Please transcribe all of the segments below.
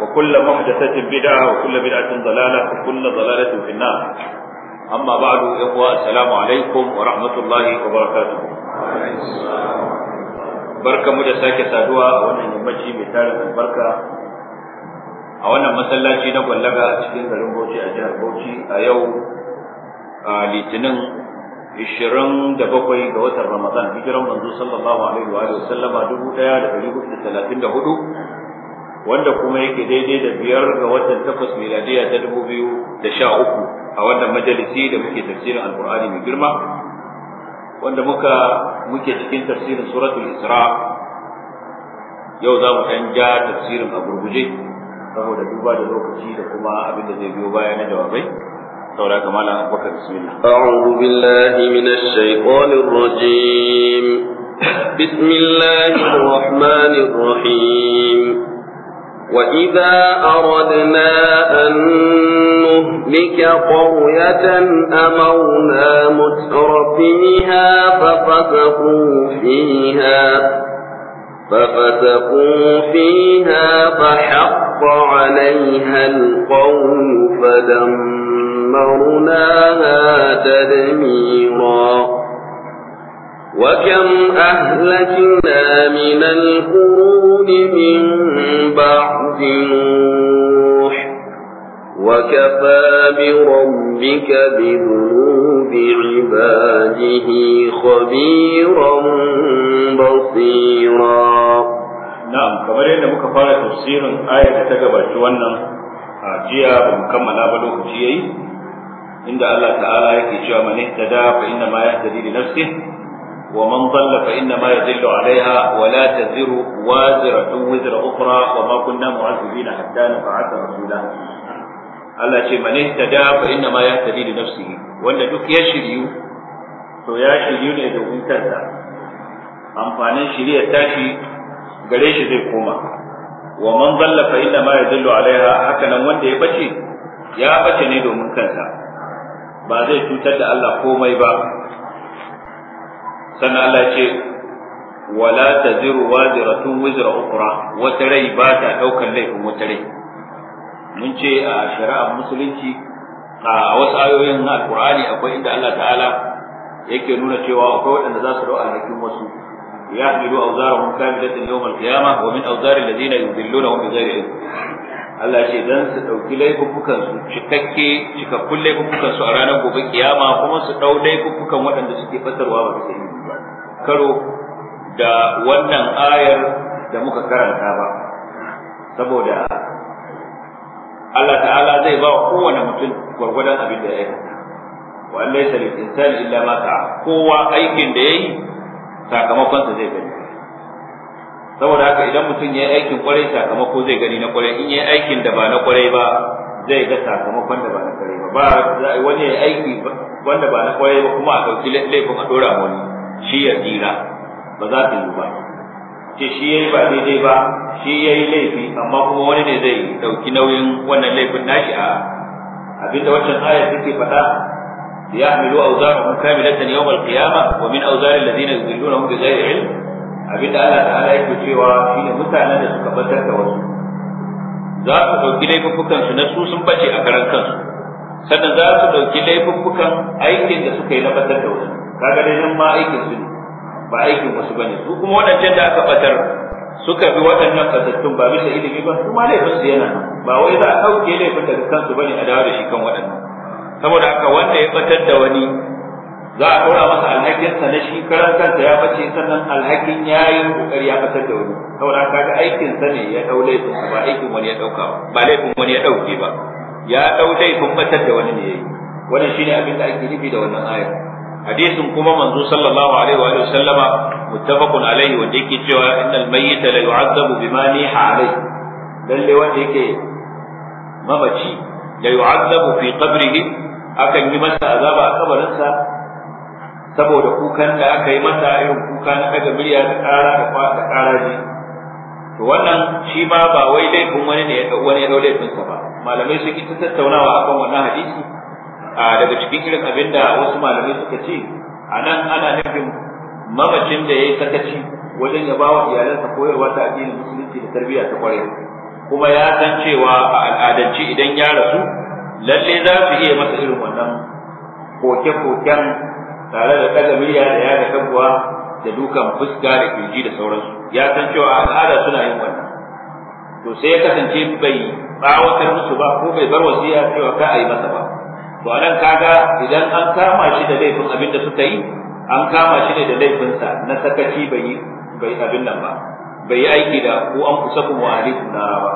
وكل محدثة بدعة وكل بدعة ضلالة وكل ضلالة في النار أما بعد إخوة السلام عليكم ورحمة الله وبركاته بركة مدساكة سادوة وانا يمجي مثال البركة وانا مسلاتي نقول لك أتكين غلوم بوشي أجهر بوشي أيو لتنم ishirin da bakwai ga watan Ramadan hijiran manzo sallallahu alaihi wa sallama dubu ɗaya da ɗari hudu da talatin da hudu wanda kuma yake daidai da biyar ga watan takwas miladiya ta dubu biyu da sha uku a wannan majalisi da muke tafsirin alkur'ani mai girma wanda muka muke cikin tafsirin suratul isra yau za mu ɗan ja tafsirin a gurguje saboda duba da lokaci da kuma abin da zai biyo baya na jawabai saboda kamar abubakar bismillah a'udhu billahi minash shaitanir rajim بسم الله الرحمن الرحيم وَإِذَا أَرَدْنَا أَن نُّهْلِكَ قَرْيَةً أَمَرْنَا مُتْرَفِيهَا فَفَسَقُوا فِيهَا فَفَسَقُوا فِيهَا فَحَقَّ عَلَيْهَا الْقَوْلُ فَدَمَّرْنَاهَا تَدْمِيرًا وكم أهلكنا من القرون من بعد نوح وكفى بربك بذنوب عباده خبيرا بصيرا نعم كما رأينا مكفارة تفسير آية تتقبع جوانا آه، جيا بمكمل لابدوك جيئي عند الله تعالى يكي من اهتدى فإنما يهتدي لنفسه ومن ضل فإنما يضل عليها ولا تزر وازرة وزر أخرى وما كنا معذبين حتى نبعث رسولا Allah ce mane tada fa inna ma yahtadi li nafsihi wanda duk ya shiryu to ya shiryu ne domin kansa amfanin shirya tashi gare shi zai koma wa man dalla fa inna ma yadullu alaiha haka wanda ya bace ya domin ba zai cutar da Allah komai ba sannan Allah ce wala ta taziru waziratun wizra ukra wata rai ba ta daukan laifin wata rai mun ce a shari'ar musulunci a wasu ayoyin na alqur'ani akwai inda Allah ta'ala yake nuna cewa akwai waɗanda za su dau alhakin wasu Ya يحملوا أوزارهم كاملة يوم القيامة ومن أوزار الذين يذلونهم بغير علم Allah ce dan su ɗauki laifukan su cikakke cikakkun laifukan su a ranar gobe kiyama kuma su ɗau laifukan waɗanda suke fasarwa ba su yi ba karo da wannan ayar da muka karanta ba saboda Allah ta'ala zai ba wa kowane mutum gwargwadon abin da ya yi wa laysa lil insani illa ma sa'a kowa aikin da ya yi sakamakonsa zai gani saboda haka idan mutum ya yi aikin kwarai sakamako zai gani na kwarai in ya yi aikin da ba na kwarai ba zai ga sakamakon da ba na kwarai ba ba wani ya yi aiki wanda ba na kwarai ba kuma a ɗauki laifin a ɗora wani shi ya tsira ba za su yi ba ce shi ya yi ba daidai ba shi ya yi laifi amma kuma wani ne zai ɗauki nauyin wannan laifin nashi a abinda wancan aya take faɗa ليحملوا أوزارهم كاملة يوم القيامة ومن أوزار الذين يضلونهم بغير علم Abin da Allah ta'ala yake cewa ne mutanen da suka batar da wasu za su ɗauki laifuffukan su na su sun bace a karan kansu sannan za su ɗauki laifuffukan aikin da suka yi na batar da wasu kaga dai nan ma aikin su ne ba aikin wasu bane su kuma waɗancan da aka batar suka bi waɗannan fatattun ba bisa ilimi ba su ma laifin su yana ba wai za a ɗauke laifin daga kansu bane a dawo da shi kan waɗannan saboda haka wanda ya batar da wani za a ɗora masa alhakinsa na shi karan kansa ya bace sannan alhakin ya yi kokari ya fitar da wani saboda kaga aikinsa ne ya ɗau laifin ba aikin wani ya ɗauka ba laifin wani ya ɗauke ba ya ɗau laifin batar da wani ne ya yi wannan shine abin da ake nufi da wannan ayar hadisin kuma manzo sallallahu alaihi wa sallama muttafaqun alaihi wanda yake cewa innal mayyita la yu'adabu bima niha alaihi lalle wanda yake mamaci la yu'adabu fi qabrihi akan yi masa azaba a kabarinsa saboda kukan da aka yi masa irin kuka na daga murya da ƙara da da ƙara ji to wannan shi ma ba wai laifin wani ne wani ya laifinsa ba malamai sun ta tattaunawa akan wannan hadisi A daga cikin irin abin da wasu malamai suka ce a nan ana nufin mamacin da ya yi sakaci wajen ya ba wa iyalansa koyarwa ta addinin musulunci da tarbiyya ta kwarai kuma ya san cewa a al'adance idan ya rasu lalle za su iya masa irin wannan koke-koken tare da ɗaga murya da ya da kabuwa da dukan fuska da kirji da sauransu ya san cewa al'ada suna yin wannan to sai ya kasance bai tsawatar musu ba ko bai bar wasiya cewa ka a yi masa ba to anan kaga idan an kama shi da laifin abin da suka yi an kama shi ne da laifinsa na sakaci bai yi bai abin nan ba bai yi aiki da ko an kusa kuma ahlikum na ba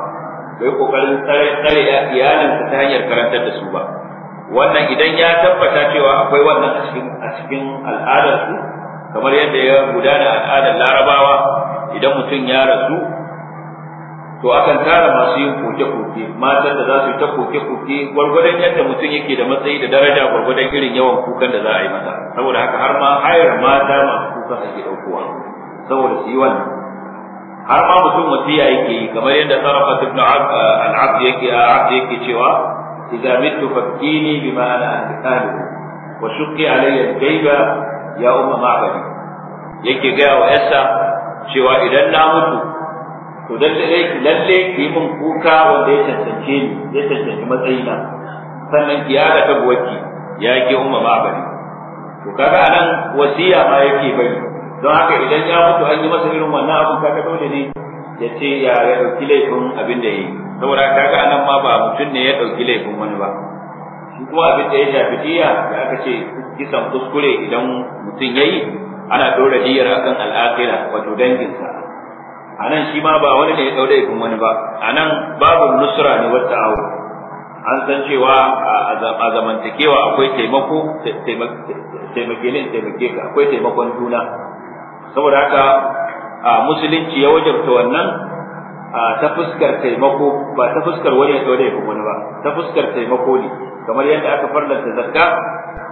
bai kokarin tsare iyalin ta hanyar karantar da su ba wannan idan ya tabbata cewa akwai wannan a cikin a cikin al'adar su kamar yadda ya gudana al'adar larabawa idan mutum ya rasu to akan tara masu yin koke-koke matan da za su yi ta koke-koke gwargwadon yadda mutum yake da matsayi da daraja gwargwadon irin yawan kukan da za a yi masa saboda haka har ma hayar mata masu kuka ake ɗaukowa saboda su yi wannan har ma mutum wasiya yake yi kamar yadda sarrafa ibn al-abd yake yake cewa إذا مت فابكيني بما أنا أنتقاله وشقي علي الجيب يا أم معبدي yake gaya wa ‘yarsa cewa idan na mutu to lalle ki min kuka wanda ya cancance ni ya cancanci matsayina sannan ki yaga tabuwarki ya ke umma ma'abari to kaga anan wasiya ma yake bari don haka idan ya mutu an yi masa irin wannan abin kaga dole ne ya ce ya ya dauki laifin abin da ya yi saboda kaga anan ma ba mutum ne ya dauki laifin wani ba shi kuma abin da ya shafi diya da aka ce kisan kuskure idan mutum ya yi, ana dora diyar akan al'akira wato danginsa anan shi ma ba wani ne ya daura laifin wani ba anan babu nusra ne wata awo an san cewa a zamantakewa akwai taimako taimake taimake ka akwai taimakon juna saboda haka a musulunci ya wajabta wannan ta fuskar taimako ba ta fuskar wani ya wani ya wani ba ta fuskar taimako ne kamar yadda aka farlanta zakka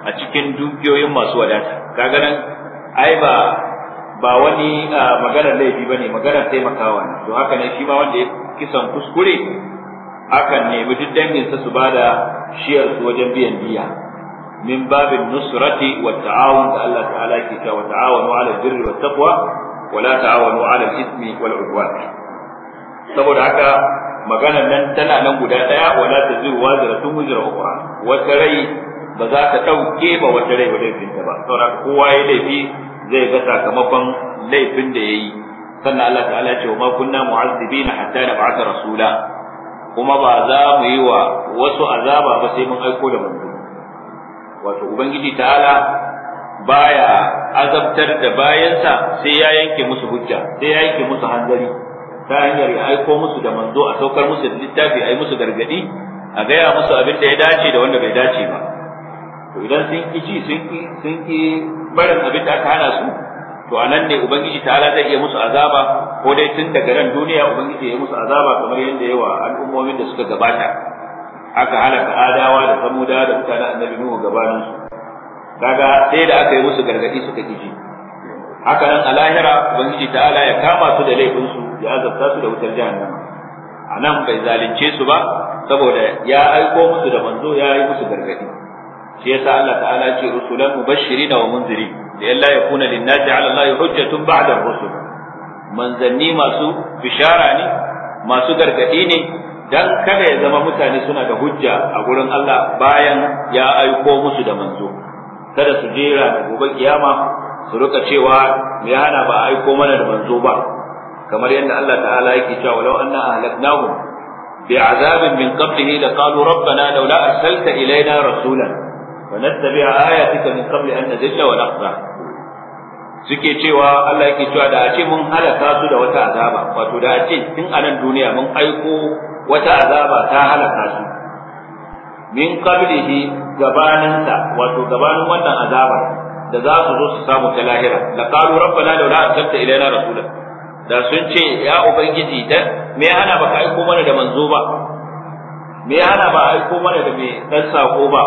a cikin dukiyoyin masu wadata kaga nan ai ba ba wani maganar laifi bane maganar taimakawa ne to haka ne shi ma wanda ya kisan kuskure akan nemi duk danginsa su bada shiyar su wajen biyan diya min babin nusrati wa ta'awun da Allah ta'ala ke cewa wa 'ala al-birri wat taqwa wa la ta'awanu 'ala al-ithmi wal 'udwan saboda haka maganar nan tana nan guda ɗaya, wala wazira tun wuzra ukhra wata rai ba za ta ɗauke ba wata rai ba laifin ta ba saboda kowa ya laifi zai ga sakamakon laifin da yayi sannan Allah ta'ala ya ce ma kunna mu'azzibina hatta nab'atha rasula kuma ba za mu yi wa wasu azaba ba sai mun aiko da manzo wato ubangiji ta'ala baya azabtar da bayansa sai ya yanke musu hujja sai ya yanke musu hanzari ta hanyar ya aiko musu da manzo a saukar musu da littafi a yi musu gargadi a gaya musu abin da ya dace da wanda bai dace ba to idan sun ki ci sun ki sun ki barin abin da aka hana su to anan ne ubangiji ta'ala zai iya musu azaba ko dai tun daga ran duniya ubangiji ya musu azaba kamar yadda yawa al'ummomin da suka gabata aka halaka adawa da samuda da mutanen annabi nuhu gabanin su kaga sai da aka yi musu gargadi suka ki haka nan a lahira ubangiji ta'ala ya kama su da laifin su ya azabta su da wutar jahannama a nan bai zalunce su ba saboda ya aiko musu da manzo ya yi musu gargadi shi yasa Allah ta'ala ce rusulan mubashirin wa munziri da yalla yakuna lin-nasi 'ala Allah hujjatun ba'da rusul manzanni masu bishara ne masu gargadi ne dan kada ya zama mutane suna da hujja a gurin Allah bayan ya aiko musu da manzo kada su jera da gobe kiyama su rika cewa me hana ba aiko mana da manzo ba kamar yadda Allah ta'ala yake cewa walau anna ahlaknahum bi'azabin min qablihi laqalu rabbana laula arsalta ilayna rasulan fanattabi'a ayatika min qabli an nadilla wa naqza suke cewa Allah yake cewa da a ce mun halaka su da wata azaba wato da a ce tun a nan duniya mun aiko wata azaba ta halaka su min qablihi gabaninsa wato gabanin wannan azaba da za su zo su samu ta lahira da laqalu rabbana laula arsalta ilayna rasulan da sun ce ya ubangiji dan me ya hana baka aiko mana da manzo ba me ya hana ba aiko mana da mai dan sako ba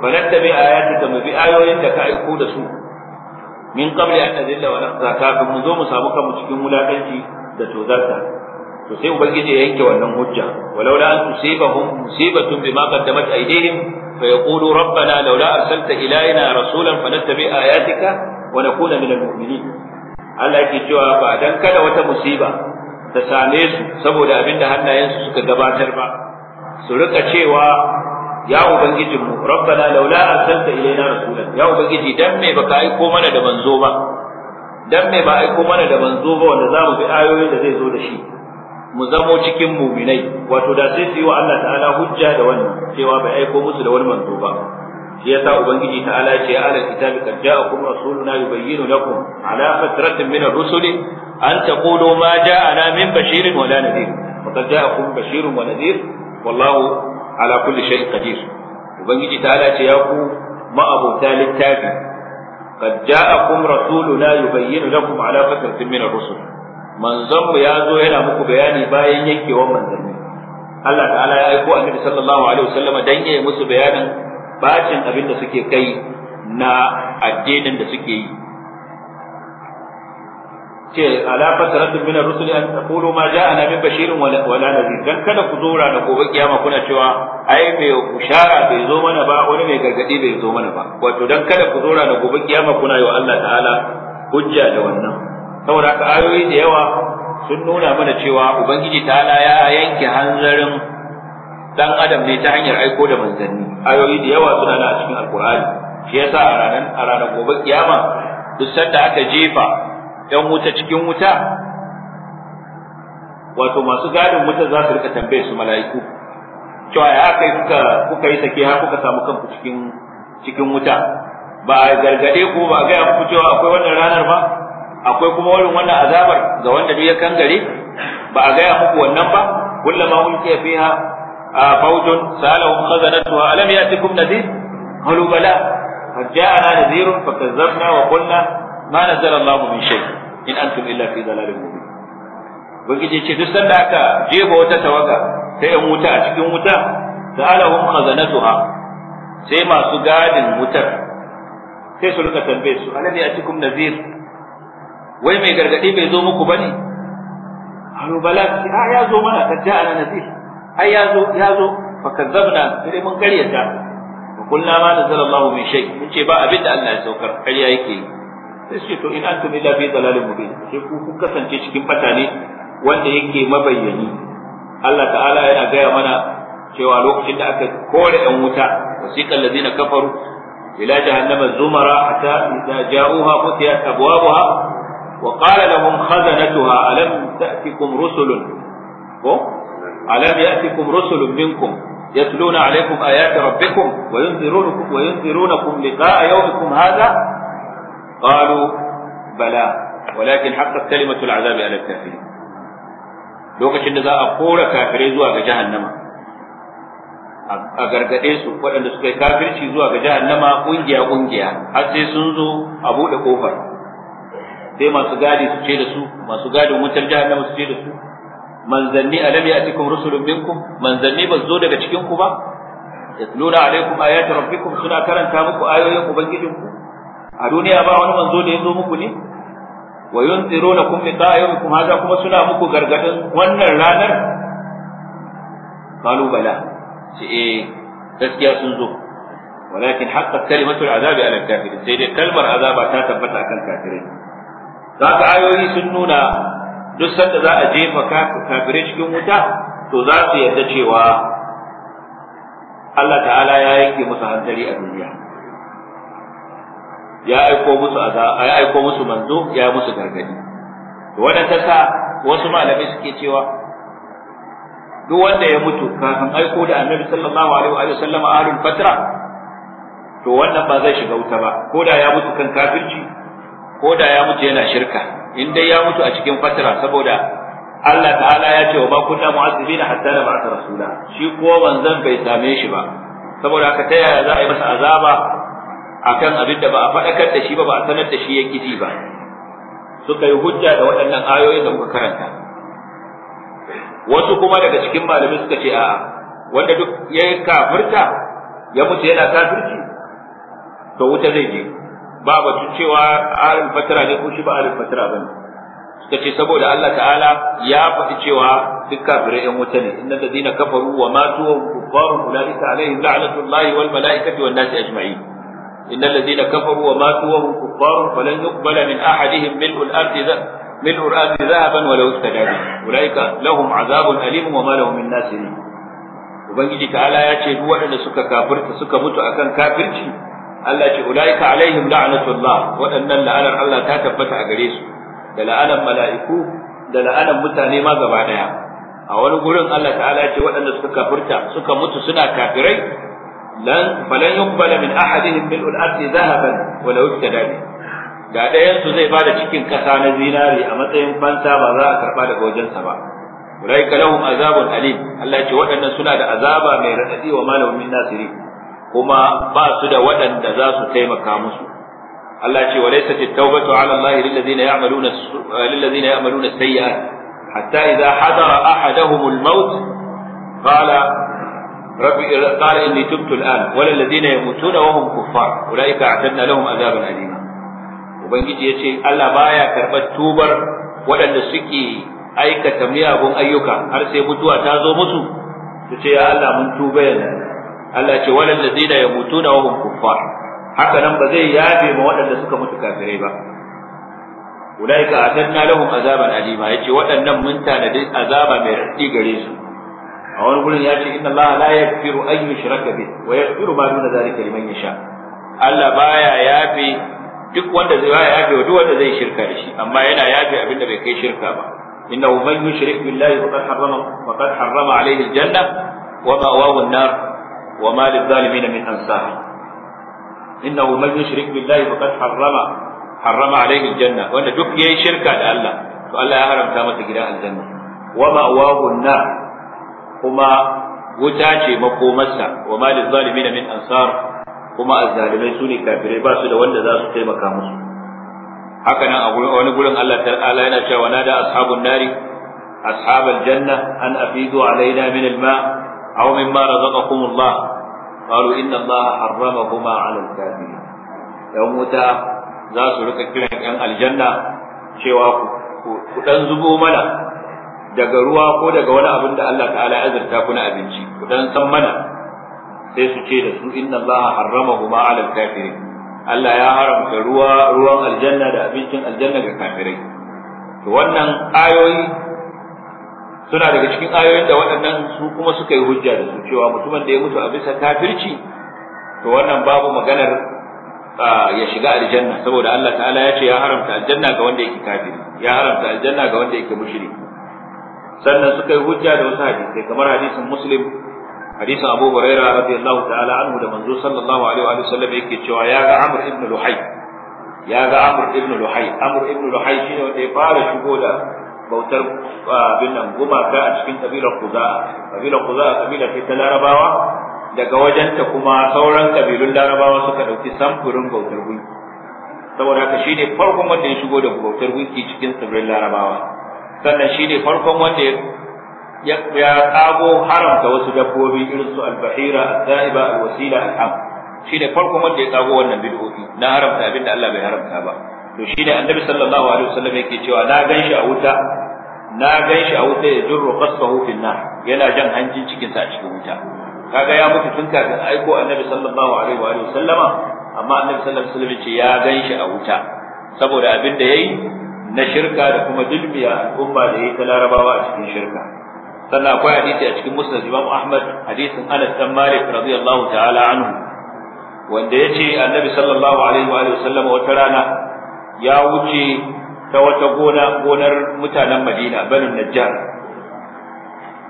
balatta bi ayatika mu bi ayoyin da ka aiko da su min qabli an nadilla wa nahza kafin mu zo mu samu kanmu cikin wulakanci da tozarta to sai ubangiji ya yanke wannan hujja walaula an tusibahum musibatun bima qaddamat aydihim fa yaqulu rabbana laula arsalta ilayna rasulan fanattabi ayatika wa nakuna minal mu'minin Allah yake cewa ba dan kada wata musiba ta same su saboda abinda hannayensu suka gabatar ba su rika cewa ya ubangiji mu rabbana laula arsalta ilaina rasulan ya ubangiji dan me baka aiko mana da manzo ba dan me ba aiko mana da manzo ba wanda zamu bi ayoyin da zai zo da shi mu zamo cikin muminai wato da sai su yi wa Allah ta'ala hujja da wannan cewa bai aiko musu da wani manzo ba shi yasa ubangiji ta ala ce ya alal kitabi kad ja'akum rasuluna yubayyinu lakum ala fatratin min ar-rusul an taqulu ma ja'ana min bashirin wala nadhir wa kad ja'akum bashirun wa nadhir wallahu ala kulli shay'in qadir ubangiji ta ala ce ya ku abota littafi kad ja'akum rasuluna yubayyinu lakum ala fatratin min ar-rusul manzon mu ya zo yana muku bayani bayan yankewar manzanni Allah ta'ala ya aiko annabi sallallahu alaihi wasallam dan yayi musu bayanin bacin abin da suke kai na addinin da suke yi ce ala fataratun min ar-rusuli an taqulu ma ja'ana min bashirin wala nadhir dan kada ku zora da gobe kiyama kuna cewa ai bai bushara bai zo mana ba wani mai gargadi bai zo mana ba wato dan kada ku zora da gobe kiyama kuna yi wa Allah ta'ala hujja da wannan saboda ka ayoyi da yawa sun nuna mana cewa ubangiji ta'ala ya yanke hanzarin dan adam ne ta hanyar aiko da manzanni ayoyi da yawa suna nan a cikin alqur'ani shi yasa a ranar a ranar gobe kiyama duk sanda aka jefa yan wuta cikin wuta wato masu gadin wuta za su rika tambaye su mala'iku cewa ya aka yi kuka kuka yi sake har kuka samu kanku cikin cikin wuta ba a gargade ku ba ga muku cewa akwai wannan ranar ba akwai kuma wurin wannan azabar ga wanda duk ya kangare ba a gaya muku wannan ba kullama ke fiha فوج سألهم خزنتها ألم يأتكم نذير قالوا بلى قد جاءنا نذير فكذبنا وقلنا ما نزل الله من شيء إن أنتم إلا في ضلال مبين ubangiji ce duk sanda aka jeba wata tawaga sai yan wuta a cikin wuta sai masu gadin wutar sai su rika tambaye su alam ya'tikum nazir wai mai gargadi bai zo muku bane alu bala a ya zo mana kad ja'ana nazir ai ya zo ya zo fa kazzabna sai mun karyata wa kullu ma nazala Allah min shay mun ce ba abin da Allah ya saukar karya yake sai ce to in antum illa fi dalalin mubin sai ku ku kasance cikin bata wanda yake mabayyani Allah ta'ala yana gaya mana cewa lokacin da aka kore yan wuta wasiqal ladina kafaru ila jahannama zumara hatta idza ja'uha futiyat abwabuha wa qala lahum khazanatuha alam ta'tikum rusulun ko alam ya'tikum rusulun minkum yatluna alaykum ayati rabbikum wa yunzirunakum wa yunzirunakum liqa'a yawmikum hadha qalu bala walakin haqqat kalimatu al'azabi ala al lokacin da za a kora kafire zuwa ga jahannama a gargade su waɗanda suka yi kafirci zuwa ga jahannama kungiya kungiya har sai sun zo a bude kofar sai masu gadi su ce da su masu gadin wutar jahannama su ce da su manzanni alam ya'tikum rusulun minkum manzanni ba zo daga cikin ku ba yatluna alaikum ayati rabbikum suna karanta muku ayoyin ubangijinku a duniya ba wani manzo da ya zo muku ne wa yunziruna liqa'a yawmikum hada kuma suna muku gargadin wannan ranar qalu bala ce eh gaskiya sun zo walakin haqqat kalimatul azabi ala kafirin sai dai kalmar azaba ta tabbata akan kafirai zaka ayoyi sun nuna duk sanda za a jefa kafirai cikin wuta to za su yarda cewa Allah ta'ala ya yanke musu hankali a duniya ya aiko musu azaba ya aiko musu manzo ya musu gargadi to wannan ta sa wasu malamai suke cewa duk wanda ya mutu kafin aiko da annabi sallallahu alaihi wa sallam harin fatra to wannan ba zai shiga wuta ba ko da ya mutu kan kafirci ko da ya mutu yana shirka in dai ya mutu a cikin fatira saboda Allah ta'ala ya ce wa ba kunna mu'azzibina hatta na ba'atha rasula shi ko wanzan bai same shi ba saboda haka ta yaya za a yi masa azaba akan abin da ba a faɗakar da shi ba ba a sanar da shi ya gidi ba suka yi hujja da waɗannan ayoyin da muka karanta wasu kuma daga cikin malami suka ce a'a wanda duk ya kafirta ya mutu yana kafirci to wuta zai je ba batun cewa alal fatara ne ko shi ba alal fatara ba ne suka ce saboda Allah ta'ala ya faɗi cewa duk kafirai yan wuta ne da ladina kafaru wa matu wa kuffaru ulaika alaihim la'natullahi wal malaikati wan nasi ajma'in innal ladina kafaru wa matu wa kuffaru falan yuqbala min ahadihim mil'u ملء الأرض ذهبا ولو افتدى به أولئك لهم عذاب أليم وما لهم من ناصرين ubangiji ta'ala ya ce duk waɗanda suka kafirta suka mutu akan kafirci Allah ce ulaika alaihim la'natullah waɗannan la'anar Allah ta tabbata a gare su da la'anar mala'iku da la'anar mutane ma gaba daya a wani gurin Allah ta'ala ce waɗanda suka kafirta suka mutu suna kafirai lan falan yuqbala min ahadihim mil'ul ardi dhahaban wa law ibtada da ɗayan su zai bada cikin kasa na zinari a matsayin fansa ba za a karba daga wajensa ba ulaika lahum azabun alim Allah ce waɗannan suna da azaba mai raɗaɗi wa malamin nasiri kuma ba su da waɗanda za su taimaka musu Allah ce wa laysa at-taubatu 'ala Allah lil ladina ya'maluna lil ladina ya'maluna sayyi'at hatta idha hadara ahaduhum al-maut qala rabbi qala inni tubtu al-an wa lil ladina yamutuna wa hum kuffar ulaika a'tadna lahum adhaban alima ubangiji yace Allah baya karbar tubar waɗanda suke aikata miyagun ayyuka har sai mutuwa ta zo musu su ce ya Allah mun tuba yanzu Allah ce walal ladina yamutuna wa hum kuffar haka nan ba zai yabe ma waɗanda suka mutu kafirai ba ulaika atanna lahum azaban alima yace waɗannan mun tanadi azaba mai raɗi gare su a wani gurin ya ce inna Allah la yaghfiru an yushraka bih wa yaghfiru ma duna zalika liman yasha Allah baya yafe duk wanda zai baya yafe duk wanda zai shirka da shi amma yana yafe abinda bai kai shirka ba innahu man yushrik billahi faqad harrama faqad harrama alayhi aljanna wa ma'wahu وما للظالمين من أنصار إنه من يشرك بالله فقد حرم حرم عليه الجنة وأن دك يي شركة الله فالله يحرم تامة جراء الجنة ومأواه النار كما وتاجي مقومسا وما للظالمين من أنصار كما الظالمين سوني كافرين باسو دا وند ذا سكي مكامس هكذا أقول أقول الله تعالى ينشأ ونادى أصحاب النار أصحاب الجنة أن أفيدوا علينا من الماء aw mimma razaqakumullah qalu inna allaha harramahuma 'ala al-kafirin yan wuta za su rika kiran yan aljanna cewa ku dan zubo mana daga ruwa ko daga wani abin da Allah ta'ala ya azurta ku na abinci ku dan san mana sai su ce da su inna allaha harramahuma 'ala kafirin Allah ya haramta ruwa ruwan aljanna da abincin aljanna ga kafirai to wannan ayoyi suna daga cikin ayoyin da waɗannan su kuma suka yi hujja da su cewa mutumin da ya mutu a bisa kafirci to wannan babu maganar ya shiga aljanna saboda Allah ta'ala ya ce ya haramta aljanna ga wanda yake kafiri ya haramta aljanna ga wanda yake mushriki sannan suka yi hujja da wasu hadisi kamar hadisin muslim hadisin abu huraira radiyallahu ta'ala anhu da manzo sallallahu alaihi wa sallam yake cewa ya ga amr ibn luhay ya ga amr ibn luhay amr ibn luhay shine wanda ya fara shigo da bautar abin nan gumaka a cikin kabilar kuza'a kabilar kuza'a kabila ce ta larabawa daga wajenta kuma sauran kabilun larabawa suka ɗauki samfurin bautar gunki saboda haka shine farkon wanda ya shigo da bautar gunki cikin tsibirin larabawa sannan shine farkon wanda ya ya tsago haramta wasu dabbobi irin su albahira al alwasila al shi al-ham farkon wanda ya tsago wannan bid'o'i na haramta abinda Allah bai haramta ba to shi ne annabi sallallahu alaihi wasallam yake cewa na ganshi a wuta na gan shi a wuta ya jirro qasfahu hufin na. yana jan hanjin cikin sa a cikin wuta kaga ya mutu tun kafin aiko annabi sallallahu alaihi wa sallama amma annabi sallallahu alaihi wasallam ya gan shi a wuta saboda abin da yayi na shirka da kuma dulmiya al'umma da yayi ta larabawa a cikin shirka sannan akwai hadisi a cikin musnad imam ahmad hadisin anas dan malik radiyallahu ta'ala anhu wanda yace annabi sallallahu alaihi wa sallama wata rana ya wuce ta wata gona gonar mutanen Madina banin Najjar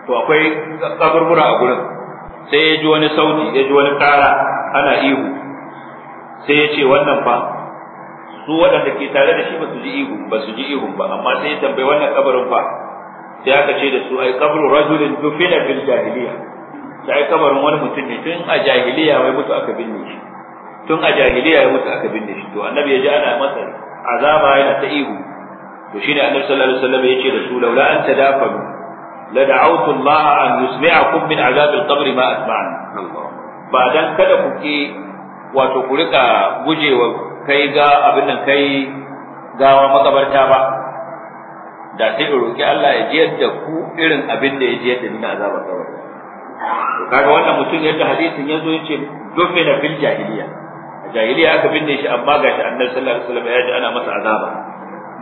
to akwai kaburbura a gurin sai ya ji wani sauti ya ji wani kara ana ihu sai ya ce wannan fa su waɗanda ke tare da shi ba su ji ihu ba su ji ihu ba amma sai ya tambayi wannan kabarin fa sai aka ce da su ai kabru rajulin dufina bil jahiliya sai kabarin wani mutum ne tun a jahiliya wai mutu aka binne shi tun a jahiliya ya mutu aka binne shi to annabi ya ji ana masa azaba yana ta ihu to shine annabi sallallahu alaihi wasallam yace da su laula an tadafalu la da'awtu Allah an yusmi'akum min azab al-qabr ma asma'an. ba dan kada ku ke wato ku rika gujewa kai ga abin nan kai gawa makabarta ba da sai in roki Allah ya jiyar da ku irin abin da ya jiyar da ni na azabar kabari to kaga wannan mutum yadda hadisin yazo yace dufina fil jahiliya jahiliya aka binne shi amma ga shi annabi sallallahu alaihi wasallam ya ji ana masa azaba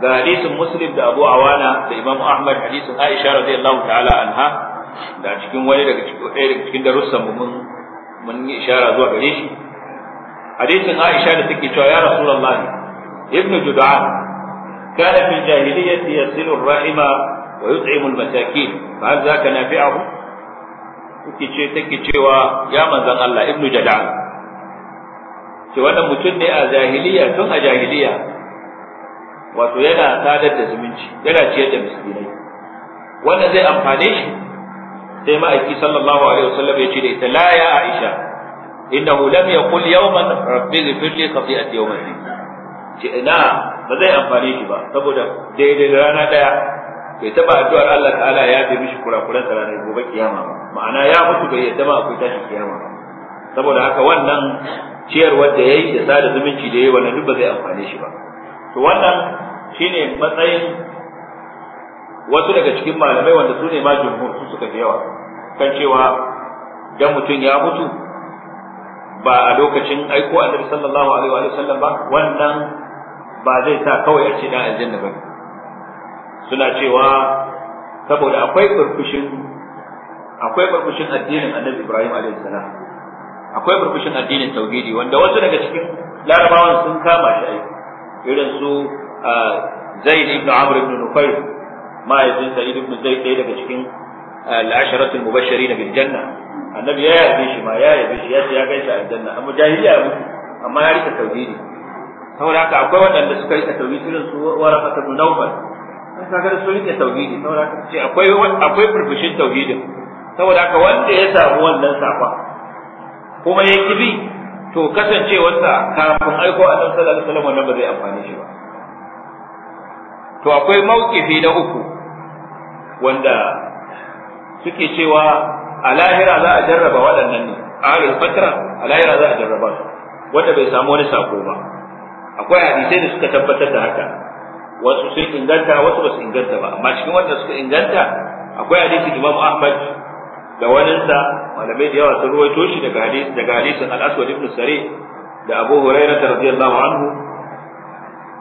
ga hadisin muslim da abu awana da imam ahmad hadisin aisha radiyallahu ta'ala anha da cikin wani daga cikin ɗaya daga cikin darussan mu mun mun yi ishara zuwa gare shi hadisin aisha da take cewa ya rasulullahi ibn jud'an kana fi jahiliyyati yasilu ar-rahima wa yut'imu al-masakin fa hal zaka nafi'ahu take ce take cewa ya manzon Allah ibn jud'an ce wannan mutum ne a jahiliya tun a jahiliya wato yana sadar da zumunci yana ciyar da miskinai wannan zai amfane shi sai ma'aiki sallallahu alaihi wasallam ya ce da ita la ya aisha innahu lam yaqul yawman rabbi ighfir li qati'ati yawmin ce ina ba zai amfane shi ba saboda daidai da rana daya bai taba addu'ar Allah ta'ala ya bi mishi kurakuran da ranar gobe kiyama ba ma'ana ya mutu bai yadda ma akwai tashi kiyama ba saboda haka wannan ciyarwar da yayi da sada zumunci da yayi wannan duk ba zai amfane shi ba to wannan shine matsayin wasu daga cikin malamai wanda su ne ma jumhur su suka fi yawa kan cewa dan mutum ya mutu ba a lokacin aiko annabi sallallahu alaihi wa sallam ba wannan ba zai sa kawai ya ce dan aljanna ba suna cewa saboda akwai burkushin akwai burkushin addinin annabi Ibrahim alaihi salam akwai burkushin addinin tauhidi wanda wasu daga cikin larabawan sun kama shi irin su زيد بن عمرو بن نفيل ما يزيد ibn بن زيد daga cikin al'asharatul mubashirin bil janna annabi ya yabe shi ma ya يا shi ya ce ya gaishe aljanna amma jahiliya amma ya rika tauhidi saboda haka akwai waɗanda suka rika tauhidi irin su waraka ta nawfal ka ga su rike tauhidi saboda haka ce akwai akwai furfushin tauhidin saboda haka kuma ya bi to kasancewarsa kafin aiko ɗan sallallahu alaihi wasallam wannan ba zai amfane shi ba to akwai mawkifi na uku wanda suke cewa a lahira za a jarraba waɗannan ne a halin fatra a lahira za a jarraba su wanda bai samu wani sako ba akwai hadisai da suka tabbatar da haka wasu sun inganta wasu ba su inganta ba amma cikin wanda suka inganta akwai hadisi Imam Ahmad da waninsa malamai da yawa sun ruwaito shi daga hadisi daga hadisin Al-Aswad ibn Sari da Abu Hurairah radiyallahu anhu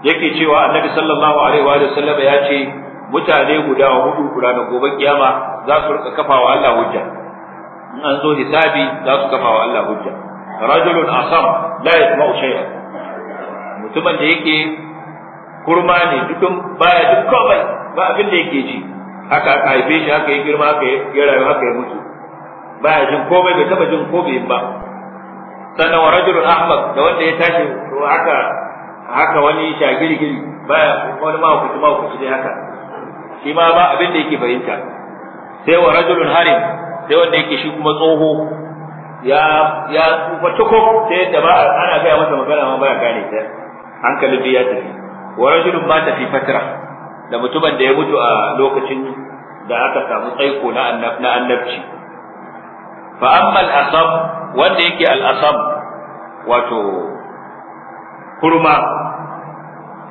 yake cewa annabi sallallahu alaihi wa sallam ya ce mutane guda hudu kura da gobe kiyama za su rika kafawa Allah hujja in an zo hisabi za su kafawa Allah hujja rajulun asam la yasma'u shay'a mutumin da yake kurma ne dukkan baya duk komai ba abin da yake ji haka aka haife shi haka ya girma haka ya rayu haka ya mutu baya jin komai bai taba jin komai ba sannan wa rajulun ahmad da wanda ya tashi haka haka wani shagirgiri baya wani ma hukunci ma dai haka shi ma ba abin da yake fahimta sai wa rajulun harim sai wanda yake shi kuma tsoho ya ya tsufa tukuf sai da ba ana gaya masa magana ma baya gane ta hankalin ya tafi wa rajulun ba ta fi fatra da mutumin da ya mutu a lokacin da aka samu tsaiko na annabci fa amma al-asam wanda yake al asab wato kurma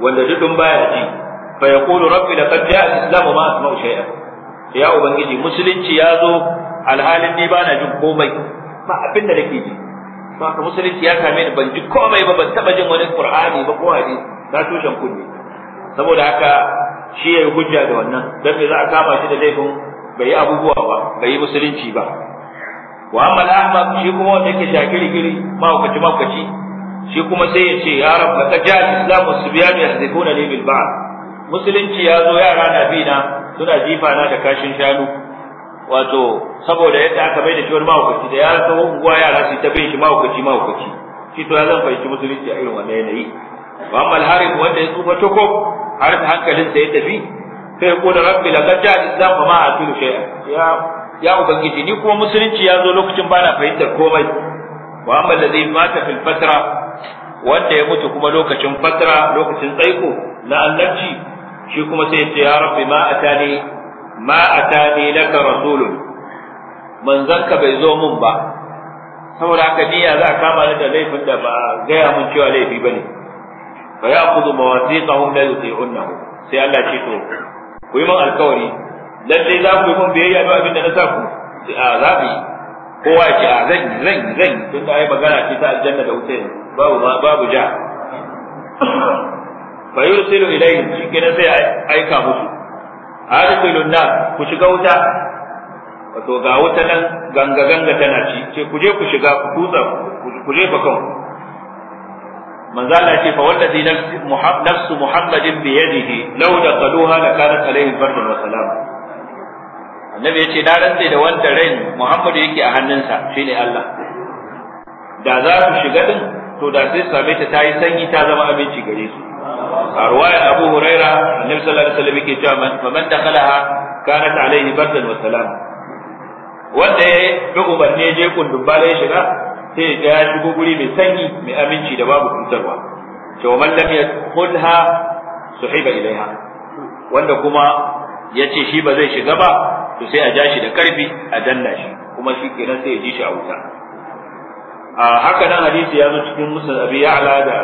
wanda dudun baya ji fa yaqulu rabbi laqad ja'a al-islamu ma asma'u shay'an ya ubangiji musulunci ya zo alhalin ni bana jin komai ba abin da nake ji ba ka musulunci ya kame ni ban ji komai ba ban taba jin wani qur'ani ba ko hadisi na tushen kunne saboda haka shi yayi hujja da wannan dan me za a kama shi da laifin bai yi abubuwa ba bai yi musulunci ba wa amma al-ahmad shi kuma wanda yake shakiri giri ma hukaci ma hukaci shi kuma sai ya ce ya rabba ka ja islamu subyan yahdifuna li bil ba'd musulunci ya zo yara na bi na suna jifa na da kashin shanu wato saboda yadda aka bai da shi wani mahaukaci da ya rasa unguwa yara su ta bin shi mahaukaci mahaukaci shi to ya zan fahimci musulunci a irin wannan yanayi wa amma al-harib wanda ya tsufa tuko har hankalinsa ya tafi sai ya kula rabbi la ja'a al-islam fa ma atilu shay'a ya ya ubangiji ni kuma musulunci ya zo lokacin bana fahimtar komai wa amma alladhi mata fil fatra wanda ya mutu kuma lokacin fatra lokacin tsaiko na annabci shi kuma sai ya ce ya rabbi ma atani ma atani laka rasulun manzanka bai zo mun ba saboda haka ya za a kama ni da laifin da ba gaya mun cewa laifi bane fa ya'khudhu mawathiqahum la yuti'unahu sai Allah ce to ku yi mun alkawari lalle za ku yi mun biyayya da abin da na sa ku a zabi kowa ya ce a zan zan zan tun da ai magana ce ta aljanna da wuta yanzu babu babu ja fa yursilu ilayhi shikenan sai aika musu adkhilun nar ku shiga wuta wato ga wuta nan ganga ganga tana ci ce ku je ku shiga ku tutsa ku je ba kan manzo Allah ce fa wallazi nafsu muhammadin bi yadihi law daqaluha lakanat alayhi fardan wa salam annabi yace na rantse da wanda rain muhammadu yake a hannunsa shine Allah da za ku shiga din to da sai same ta ta yi sanyi ta zama abinci gare su a ruwayar abu huraira annabi sallallahu alaihi wasallam yake cewa man faman dakhalaha kanat alaihi bardan wa salam wanda ya bi ubanne je kundin bala ya shiga sai ga ya shigo guri mai sanyi mai aminci da babu cutarwa to man lam yadkhulha suhiba ilaiha wanda kuma yace shi ba zai shiga ba to sai a ja shi da karfi a danna shi kuma shi kenan sai ya ji shi a wuta haka nan hadisi ya zo cikin musnad abi ya'la da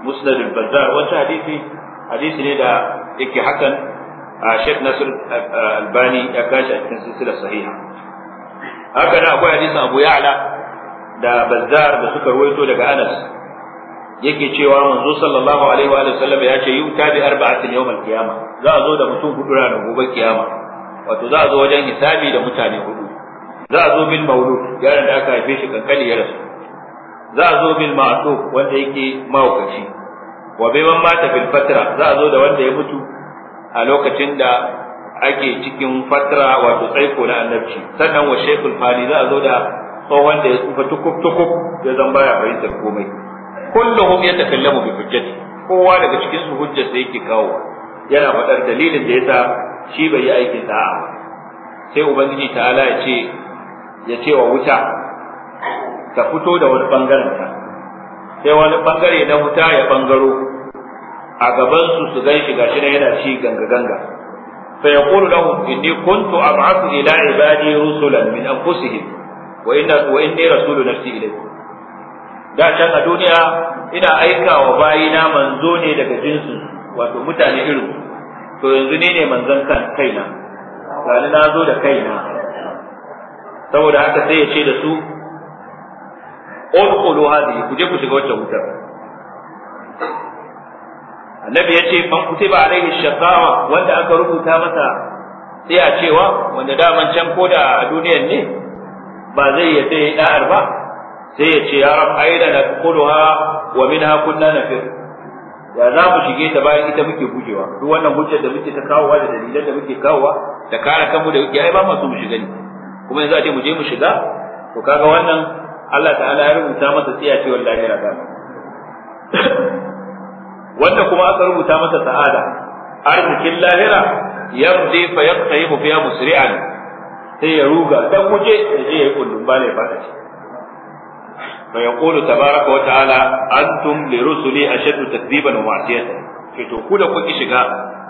musnad al-bazzar wannan hadisi hadisi ne da yake hakan Sheikh Nasir Albani ya kashi a cikin silsila sahiha haka nan akwai hadisin Abu Ya'la da Bazzar da suka ruwaito daga Anas yake cewa manzo sallallahu alaihi wa sallam ya ce yuta bi arba'atin yawm al qiyama za a zo da mutum hudu ranar gobe kiyama wato za a zo wajen hisabi da mutane hudu za a zo bil maulud yaron da aka haife shi kankani ya rasu za a zo bil ma'atu wanda yake mawukaci wa bai man mata bil fatra za a zo da wanda ya mutu a lokacin da ake cikin fatra wato tsaiko na annabci sannan wa shaykhul fani za a zo da tsohon da ya tsufa tukub tukub ya zan baya fahimtar komai kulluhum yatakallamu bi hujjati kowa daga cikin su hujjar da yake kawo yana faɗar dalilin da ya sa shi bai yi aikin da'a ba sai ubangiji ta'ala ya ce ya ce wa wuta ka fito da wani bangaren ka sai wani bangare na wuta ya bangaro a gaban su su gan shi gashi yana ci ganga ganga fa yaqulu lahu inni kuntu ab'athu ila ibadi rusulan min anfusihim wa inna wa inni rasulun nafsi ilayhi da can a duniya ina aika wa bayina manzo ne daga jinsu wato mutane irin to yanzu ne ne manzon kan kaina gani na zo da kaina saboda haka sai ya ce da su udkhulu hadhihi ku je ku shiga wata wuta. annabi yace man kutiba alaihi shaqawa wanda aka rubuta masa sai a cewa wanda man can ko da a duniyar ne ba zai yadda ya da'ar ba sai ya ce ya rab aina na kuluha wa minha kunna nafir ya za mu shige ta bayan ita muke gujewa duk wannan hujjar da muke ta kawowa da dalilan da muke kawowa da kare kanmu da ya ba mu su shiga ne kuma yanzu a ce mu je mu shiga to kaga wannan Allah ta'ala ya rubuta masa tsiya wallahi lahira da wanda kuma aka rubuta masa sa'ada arzikin lahira yamdi fa yaqtahimu fiha musri'an sai ya ruga dan kuje ya je ya kullum bale fada shi fa yaqulu tabaraka wa ta'ala antum li rusuli ashaddu takdiban wa ma'siyatan ke to ku da kuke shiga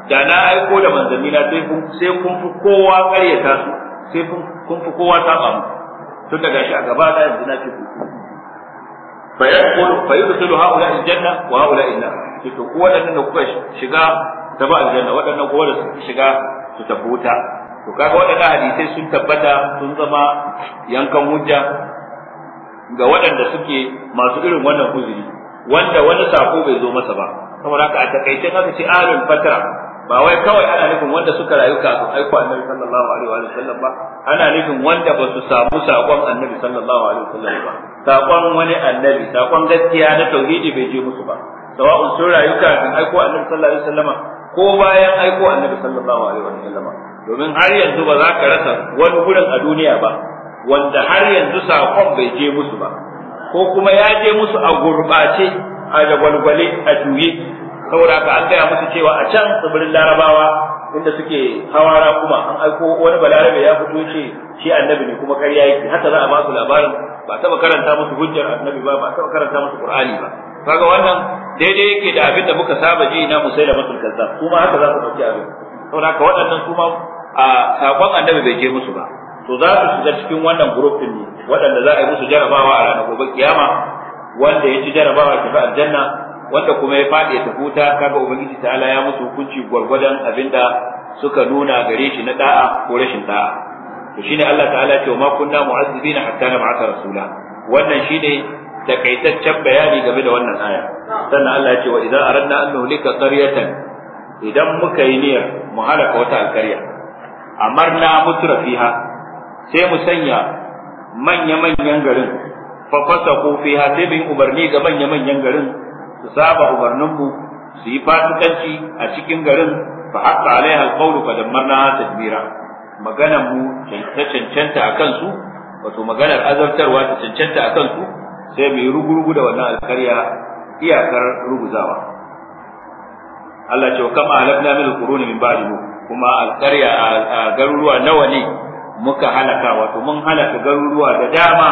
da na aiko da manzanni na sai kun sai kun fi kowa ƙaryata su sai kun fi kowa saba mu tun daga shi a gaba da yanzu na cikin fa yadkhulu fa yadkhulu haula aljanna wa haula illa to ko wadannan da kuka shiga ta ba aljanna wadannan ko wadannan su shiga su tabbata to kaga wadannan hadisai sun tabbata sun zama yankan hujja ga waɗanda suke masu irin wannan uzuri wanda wani sako bai zo masa ba saboda haka a takaicen haka ce alul fatra ba wai kawai ana nufin wanda suka rayu kafin aiko annabi sallallahu alaihi wa sallam ba ana nufin wanda ba su samu sakon annabi sallallahu alaihi wa sallam ba sakon wani annabi sakon gaskiya na tauhidi bai je musu ba sawa'un sun rayu kafin aiko annabi sallallahu alaihi wa sallam ko bayan aiko annabi sallallahu alaihi wa sallam domin har yanzu ba za ka rasa wani gurin a duniya ba wanda har yanzu sakon bai je musu ba ko kuma ya je musu a gurbace a da gwalgwale a juye saboda ka an gaya musu cewa a can tsibirin larabawa inda suke hawara kuma an aiko wani balarabe ya fito ce shi annabi ne kuma karya yake haka za a ba su labarin ba taba karanta musu hujjar annabi ba ba taba karanta musu qur'ani ba kaga wannan daidai yake da abin da muka saba ji na musailamatul kazzab kuma haka za su dauki abin saboda ka waɗannan kuma a sakon annabi bai je musu ba to za su shiga cikin wannan group din ne waɗanda za a yi musu jarabawa a ranar gobe kiyama wanda ya ci jarabawa ke fa aljanna wanda kuma ya faɗi ya huta kaga ubangiji ta'ala ya musu hukunci gwargwadon abinda suka nuna gare shi na da'a ko rashin da'a to shine Allah ta'ala ce ma kunna mu'azzibina hatta nab'atha rasula wannan shine takaitaccen bayani game da wannan aya sannan Allah ya ce wa idza aradna an nuhlika qaryatan idan muka yi niyyar mu halaka wata alkarya amarna mutura fiha sai mu sanya manya-manyan garin fa fasaku fiha sai mu umarni ga manya-manyan garin su saba ubarninmu su yi fasikanci a cikin garin fa hatta alaiha alqawlu fa dammarna tadbira maganar mu ta cancanta akan su wato maganar azabtarwa ta cancanta akan su sai mai rugurugu da wannan alƙarya iyakar ruguzawa Allah ce kama halabna min alquruni min ba'di kuma alkarya a garuruwa nawa ne muka halaka wato mun halaka garuruwa da dama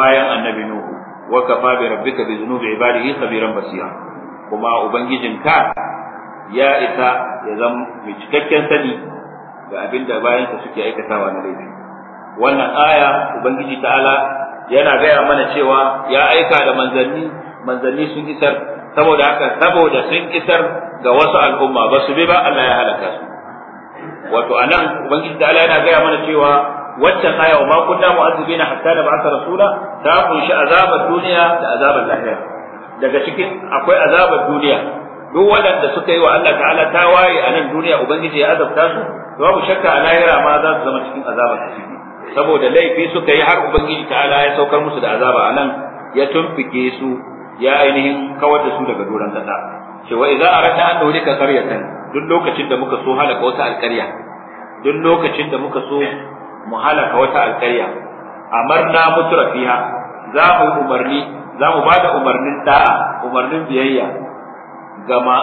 bayan annabi nuhu wa kafa bi rabbika bi dhunubi ibadihi khabiran basira kuma ubangijinka ya isa ya zama mai cikakken sani ga abin da bayansa suke aikatawa na laifi wannan aya ubangiji ta'ala yana gaya mana cewa ya aika da manzanni manzanni sun isar saboda haka saboda sun isar ga wasu al'umma ba su bi ba Allah ya halaka su wato anan ubangiji ta'ala yana gaya mana cewa waccan aya wa ma kunna mu'azzibina hatta da ba'atha rasula ta kunshi azabar duniya da azabar lahira daga cikin akwai azabar duniya duk waɗanda suka yi wa Allah ta'ala tawaye a nan duniya ubangiji ya azabta su to babu shakka a lahira ma za su zama cikin azabar ta ciki saboda laifi suka yi har ubangiji ta'ala ya saukar musu da azaba a nan ya tumfike su ya ainihin kawar da su daga doron kasa ce wa a aradna an ka qaryatan duk lokacin da muka so halaka wata alƙarya duk lokacin da muka so mu halaka wata alƙarya amarna mutura fiha za mu umarni za mu bada umarnin da'a umarnin biyayya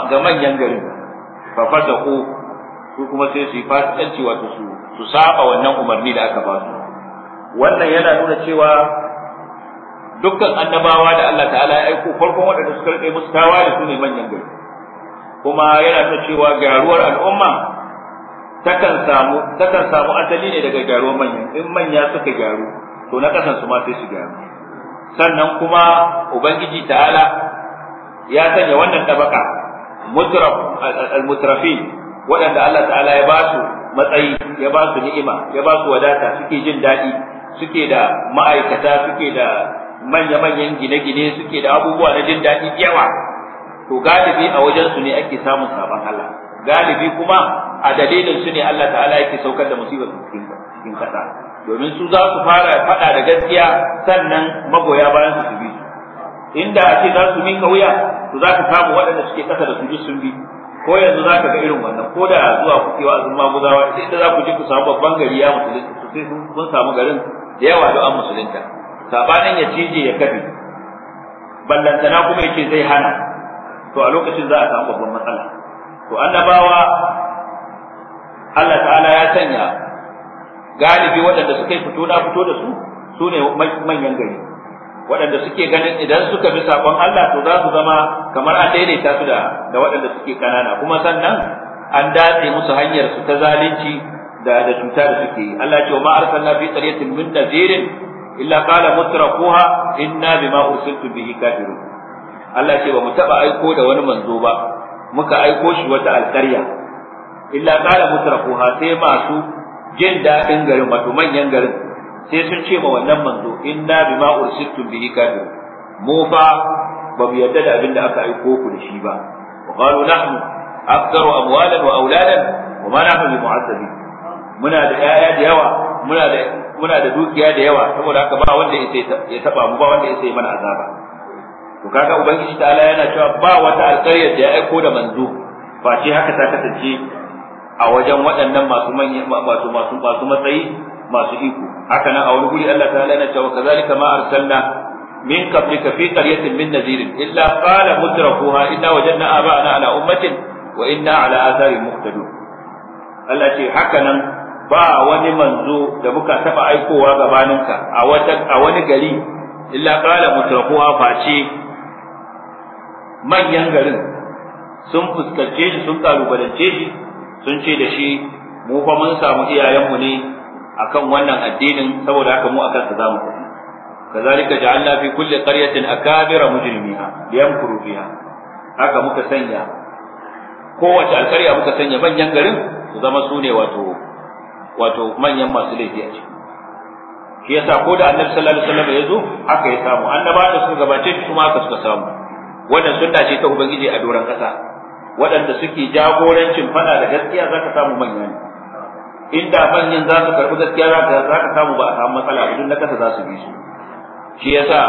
ga manyan garin fa ku su kuma sai su yi fasikanci wato su su saba wannan umarni da aka ba su wannan yana nuna cewa dukkan annabawa da Allah ta'ala ya aiko farkon waɗanda suka rike musu tawa su ne manyan gari kuma yana nuna cewa gyaruwar al'umma takan samu takan samu asali ne daga gyaruwar manyan in manya suka gyaru to na kasan su ma sai su gyaru sannan kuma ubangiji ta'ala ya sanya wannan tabaka mutraf al-mutrafin waɗanda Allah ta'ala ya ba su matsayi ya ba su ni'ima ya ba su wadata suke jin daɗi suke da ma'aikata suke da manya-manyan gine-gine suke da abubuwa na jin daɗi yawa to galibi a wajen su ne ake samun sabon Allah galibi kuma a dalilin su ne Allah ta'ala yake saukar da musibar cikin cikin kasa domin su za su fara faɗa da gaskiya sannan magoya bayan su bi inda a ce za su mika wuya to za ka samu waɗanda suke ƙasa da su ji sun bi ko yanzu za ka ga irin wannan ko da zuwa kuke wa ma guzawa sai da za ku ji ku samu babban gari ya musulunta to sai kun samu garin da yawa da an musulunta sabanin ya cije ya kafe ballantana kuma yake zai hana to a lokacin za a samu babban matsala to annabawa Allah ta'ala ya sanya galibi waɗanda suka yi fito na fito da su su ne manyan gari waɗanda suke ganin idan suka bi sakon Allah to za su zama kamar an daidaita su da da waɗanda suke ƙanana. kuma sannan an datse musu hanyar su ta zalunci da da cuta da suke yi Allah ce ma arsalna fi qaryatin min nadirin illa qala mutrafuha inna bima ursiltu bihi kafirun Allah ce ba mu taba aiko da wani manzo ba muka aiko shi wata alƙarya illa qala mutrafuha sai masu jin daɗin garin wato manyan garin sai sun ce ma wannan manzo inna bima ursiltum bihi kafir mu fa ba mu yadda da abin da aka aiko ku da shi ba wa qalu nahnu aktharu amwalan wa auladan wa ma nahnu mu'azzabi muna da yaya da yawa muna da muna da dukiya da yawa saboda haka ba wanda ya taba mu ba wanda ya sai mana azaba to kaga ubangiji ta'ala yana cewa ba wata alƙaryar da ya aiko da manzo ba ce haka ta kasance a wajen waɗannan masu manyan, wato masu masu matsayi masu iko haka nan a wani guri Allah ta'ala yana cewa kazalika ma arsalna min qablika fi qaryatin min nadhirin illa qala mutrafuha inna wajadna aba'ana ala ummatin wa inna ala atharihim muqtadun Allah ce haka nan ba wani manzo da muka taba aikowa gabaninka a wata a wani gari illa qala mutrafuha face manyan garin sun fuskace shi sun kalubalance shi sun ce da shi mu fa mun samu iyayenmu ne akan wannan addinin saboda haka mu akan za zamu tafi kazalika ja'alna fi kulli qaryatin akabira mujrimiha liyamkuru fiha haka muka sanya kowace alƙarya muka sanya manyan garin su zama su ne wato wato manyan masu laifi a ciki shi yasa ko da annabi sallallahu alaihi wasallam ya zo haka ya samu annabawa da suka gabace su ma haka suka samu wannan sunna ce ta ubangiji a doran kasa waɗanda suke jagorancin faɗa da gaskiya za ka samu manya ne inda manyan za su karɓi gaskiya za ka samu ba a samu matsala ba na kasa za su bi su shi yasa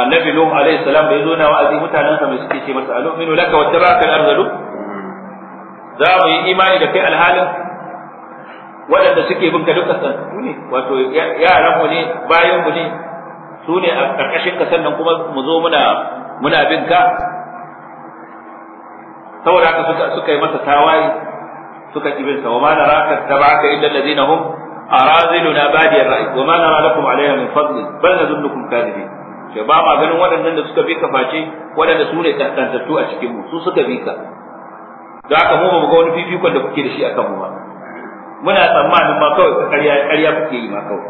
annabi nuh alaihi salam bai zo na wa'azi mutanansa mai suke ce masa alu'minu laka wa taraka al-arzalu za mu yi imani da kai alhalin waɗanda suke bin ka dukkan santu ne wato yaran mu ne bayan mu ne su ne a ƙarƙashin ka sannan kuma mu zo muna muna bin ka saboda haka suka suka yi masa tawaye suka kibin sa wa ma naraka tabaka illa alladhina hum araziluna badiyar ra'i wa ma nara lakum alayna min fadli bal nadullukum kadibi ke ba ma ganin waɗannan da suka bi ka face waɗanda su ne tantantattu a cikin mu su suka bi ka da haka mu ba mu ga wani fifikon da kuke da shi akan mu ba muna tsammanin ma kawai ƙarya ƙarya kuke yi ma kawai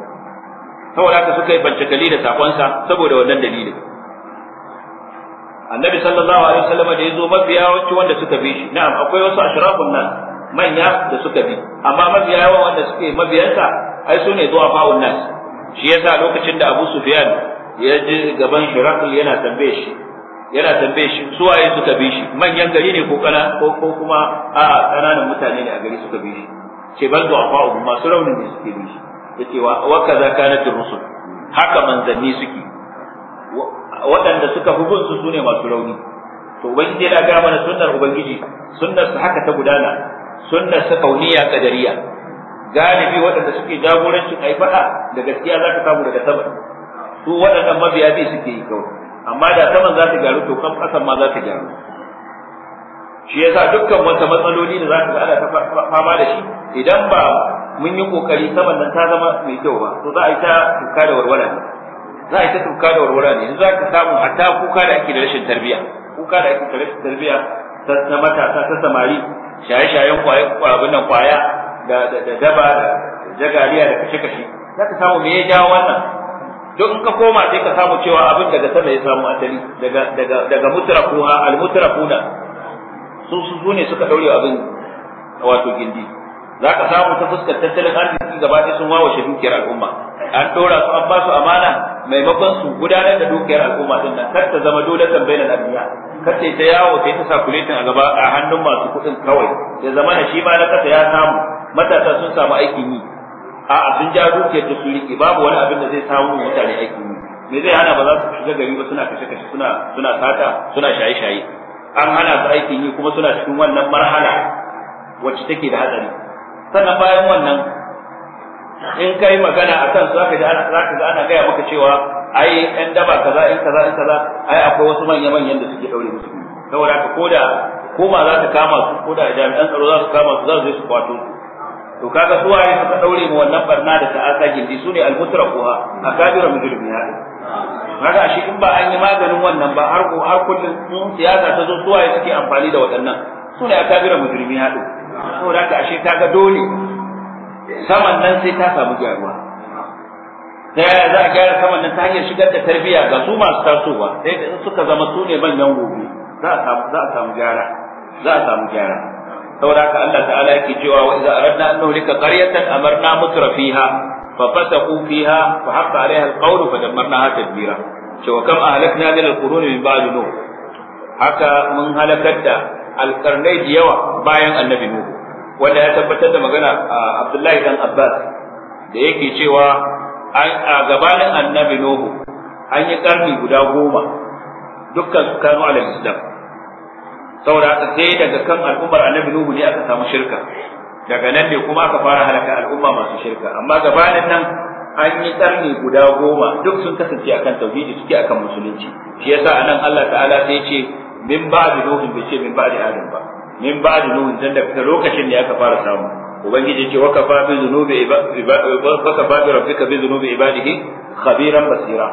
saboda haka suka yi bancakali da sa saboda wannan dalilin annabi sallallahu alaihi wasallam da yazo mabiya wacce wanda suka bi shi na'am akwai wasu ashrafun nan manya da suka bi amma mabiya yawa wanda suke mabiyansa ai sune zuwa fa'un nas shi yasa lokacin da Abu Sufyan ya ji gaban Hirakul yana tambaye shi yana tambaye shi su waye suka bi shi manyan gari ne ko kana ko ko kuma a kananan mutane ne a gari suka bi shi ce bal zuwa fa'un masu raunin ne suke bi shi yace wa kaza kanat rusul haka manzanni suke waɗanda suka fi bin su ne masu rauni to ubangiji yana gaya mana sunnar ubangiji sunnar su haka ta gudana sunnar su kauniya kadariya galibi waɗanda suke jagorancin ai faɗa da gaskiya za ka samu daga sama su waɗannan mabiya bi suke yi kawai amma da saman za ta gyaru to kan ƙasan ma za ta gyaru shi yasa dukkan wata matsaloli da za ka ga ana ta fama da shi idan ba mun yi kokari saman nan ta zama mai kyau ba to za a yi ta tuka da warwara ne za a yi ta tuka da warwara ne za ka samu ta kuka da ake da rashin tarbiya kuka da ake da rashin tarbiya ta matasa ta samari shaye-shayen abin nan kwaya da daba da jagariya da kashe-kashe za ka samu me ya jawo wannan duk in ka koma sai ka samu cewa abin daga sama ya samu asali daga daga daga mutrafuha al-mutrafuna su su ne suka daure abin wato gindi za ka samu ta fuskar tattalin arziki gaba ɗaya sun wawashe dukiyar al'umma an dora su an ba su amana maimakon su gudanar da dukiyar al'umma din nan kar ta zama dole tambayar al'umma kar ta ta yawo ta ta sakuletin a gaba a hannun masu kuɗin kawai ya zama na shi ma na kasa ya samu matasa sun samu aikin yi a'a sun ja dukiyar da su riƙe babu wani abin da zai samu mutane aikin yi me zai hana ba za su shiga gari ba suna kashe kashe suna suna sata suna shaye shaye an hana su aikin yi kuma suna cikin wannan marhala wacce take da hatsari sannan bayan wannan in kai magana akan kan zaka ji zaka ga ana gaya maka cewa ai ɗan daba kaza in kaza in kaza ai akwai wasu manya manyan da suke daure musu saboda ka koda ma za ta kama su ko da jami'an tsaro za su kama su za su je su kwato su to kaga su waye suka daure mu wannan barna da ta aka gindi su ne almutrafuha akabira mujrimiha kaga shi in ba an yi maganin wannan ba har har kullun siyasa ta zo su waye suke amfani da waɗannan su ne akabira mujrimiha to saboda ka ashe kaga dole saman nan sai ta samu gyaruwa ta yaya za a gyara saman nan ta hanyar shigar da tarbiyya ga su masu tasowa sai da suka zama su ne manyan gobe za a samu gyara za a samu gyara saboda haka Allah ta'ala yake cewa wa idza aradna an nuhlika qaryatan amarna mutra fiha fa fasaqu fiha fa haqqa 'alayha al-qawlu fa dammarnaha tadbira cewa kam ahlakna min al-qurun min ba'd nuh haka mun halakar da alƙarnai da yawa bayan annabi nuhu wanda ya tabbatar da magana a Abdullahi dan Abbas da yake cewa a gabanin annabi Nuhu an yi karni guda goma dukkan su kanu a islam saboda haka sai daga kan al'ummar annabi Nuhu ne aka samu shirka daga nan ne kuma aka fara halaka al'umma masu shirka amma gabanin nan an yi karni guda goma duk sun kasance akan tauhidi suke akan musulunci shi yasa anan Allah ta'ala sai ya ce min ba'di nuhin bai ce min ba'di adam ba min ba'd nuh dan daga lokacin da aka fara samu ubangiji ce wa kafa bi dhunubi wa kafa bi rabbika bi zunubi ibadihi khabiran basira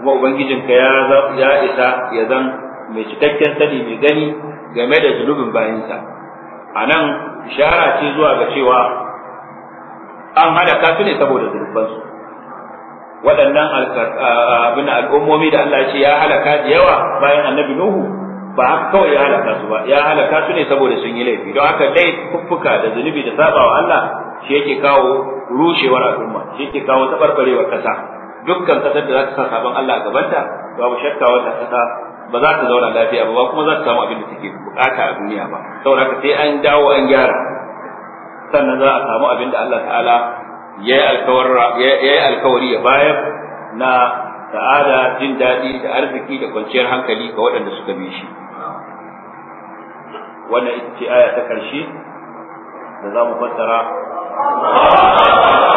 kuma ka ya ya isa ya zan mai cikakken sani mai gani game da zunubin bayansa a nan ishara ce zuwa ga cewa an hada su ne saboda zunubansu waɗannan abin al'ummomi da Allah ce ya halaka da yawa bayan annabi Nuhu ba haka kawai ya halaka su ba ya halaka su ne saboda sun yi laifi don haka dai kuffuka da zunubi da saba Allah shi yake kawo rushewar al'umma shi yake kawo tabarbarewar kasa dukkan kasar da za ta sa sabon Allah a gabanta mu shakka wata kasa ba za ta zauna lafiya ba kuma za ta samu abin da take bukata a duniya ba saboda haka sai an dawo an gyara sannan za a samu abin da Allah ta'ala ya yi alkawari ya bayar na sa'ada jin daɗi da arziki da kwanciyar hankali ga waɗanda suka bi shi wannan ita ce aya ta ƙarshe da za mu fassara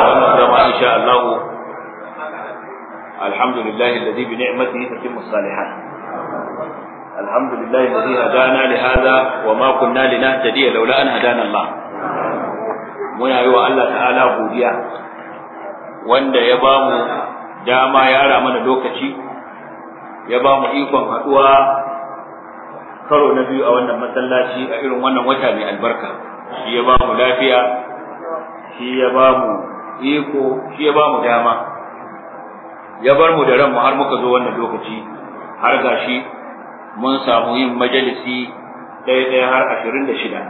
wannan zama insha Allah alhamdulillahi alladhi bi ni'matihi tatimmu salihat alhamdulillahi alladhi hadana li hadha wa ma kunna linahtadiya laula an hadana Allah muna yi wa Allah ta'ala godiya wanda ya bamu dama ya ara mana lokaci ya ba mu ikon haɗuwa karo na biyu a wannan masallaci a irin wannan wata mai albarka shi ya ba mu lafiya shi ya ba mu iko shi ya ba mu dama ya bar mu da ranmu har muka zo wannan lokaci har gashi mun samu yin majalisi ɗaya ɗaya har ashirin da shida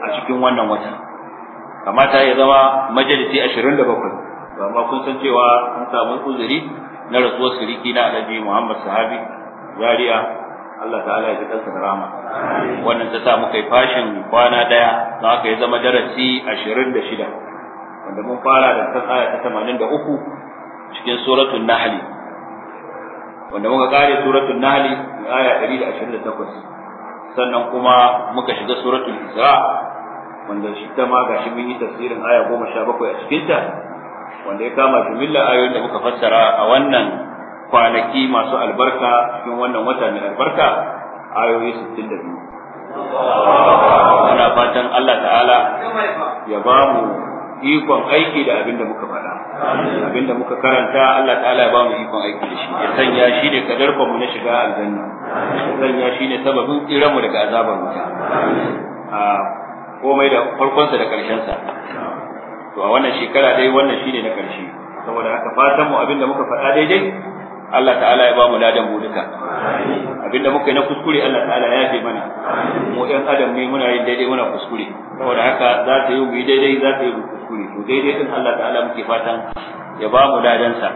a cikin wannan wata kamata ya zama majalisi ashirin da bakwai amma kun san cewa an samu uzuri na rasuwar siriki na annabi Muhammad sahabi Zariya Allah ta'ala ya ji ɗansa da rama wannan ta sa muka yi fashin kwana daya za haka yi zama darasi 26 wanda mun fara da kan aya ta 83 cikin suratul nahl wanda muka kare suratul nahl aya 128 sannan kuma muka shiga suratul isra wanda shi ta ma gashi mun yi tafsirin aya 17 a cikin ta wanda ya kama jumilla ayoyin da muka fassara a wannan kwanaki masu albarka cikin wannan wata mai albarka ayoyi 62 Ana fatan Allah ta'ala ya ba mu ikon aiki da abin da muka faɗa abin da muka karanta Allah ta'ala ya ba mu ikon aiki da shi ya sanya shi ne kadar mu na shiga aljanna ya sanya shi ne sababin tsiranmu daga azabar wuta komai da farkonsa da ƙarshensa to a wannan shekara dai wannan shine na karshe saboda haka fatan mu abinda muka faɗa daidai Allah ta'ala ya ba mu ladan mu duka abinda muka yi na kuskure Allah ta'ala ya yafe mana mu ɗan adam ne muna yin daidai muna kuskure saboda haka za ta yi mu yi daidai za ta yi mu kuskure to daidai din Allah ta'ala muke fatan ya ba mu ladan sa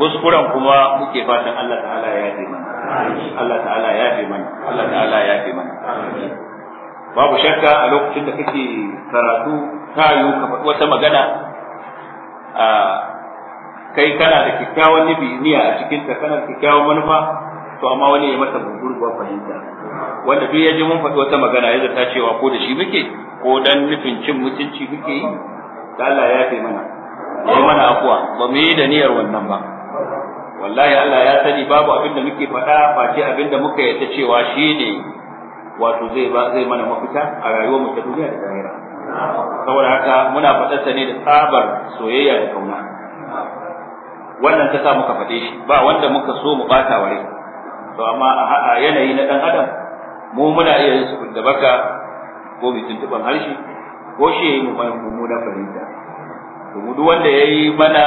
kuskuren kuma muke fatan Allah ta'ala ya yafe mana Allah ta'ala ya yafe mana Allah ta'ala ya yafe mana babu shakka a lokacin da kake karatu kayu ka faɗi wata magana a kai kana da kyakkyawan nufi niyya a cikin ta kana da kyakkyawan manufa to amma wani ya mata gurguwa fahimta wanda duk ya ji mun faɗi wata magana ya ta cewa ko da shi muke ko dan nufin cin mutunci muke yi da Allah ya fi mana ya mana afuwa ba mu yi da niyyar wannan ba wallahi Allah ya sani babu abin da muke faɗa face abin da muka yarda cewa shi ne wato zai ba zai mana mafita a rayuwar mu ta duniya da lahira saboda haka muna ta ne da tsabar soyayya da kauna wannan ta sa muka faɗe shi ba wanda muka so mu ɓata wa to amma a yanayi na ɗan adam mu muna iya yin su da baka ko mai tuntuɓar harshe ko shi ya yi mu na fahimta to mu duk wanda ya yi mana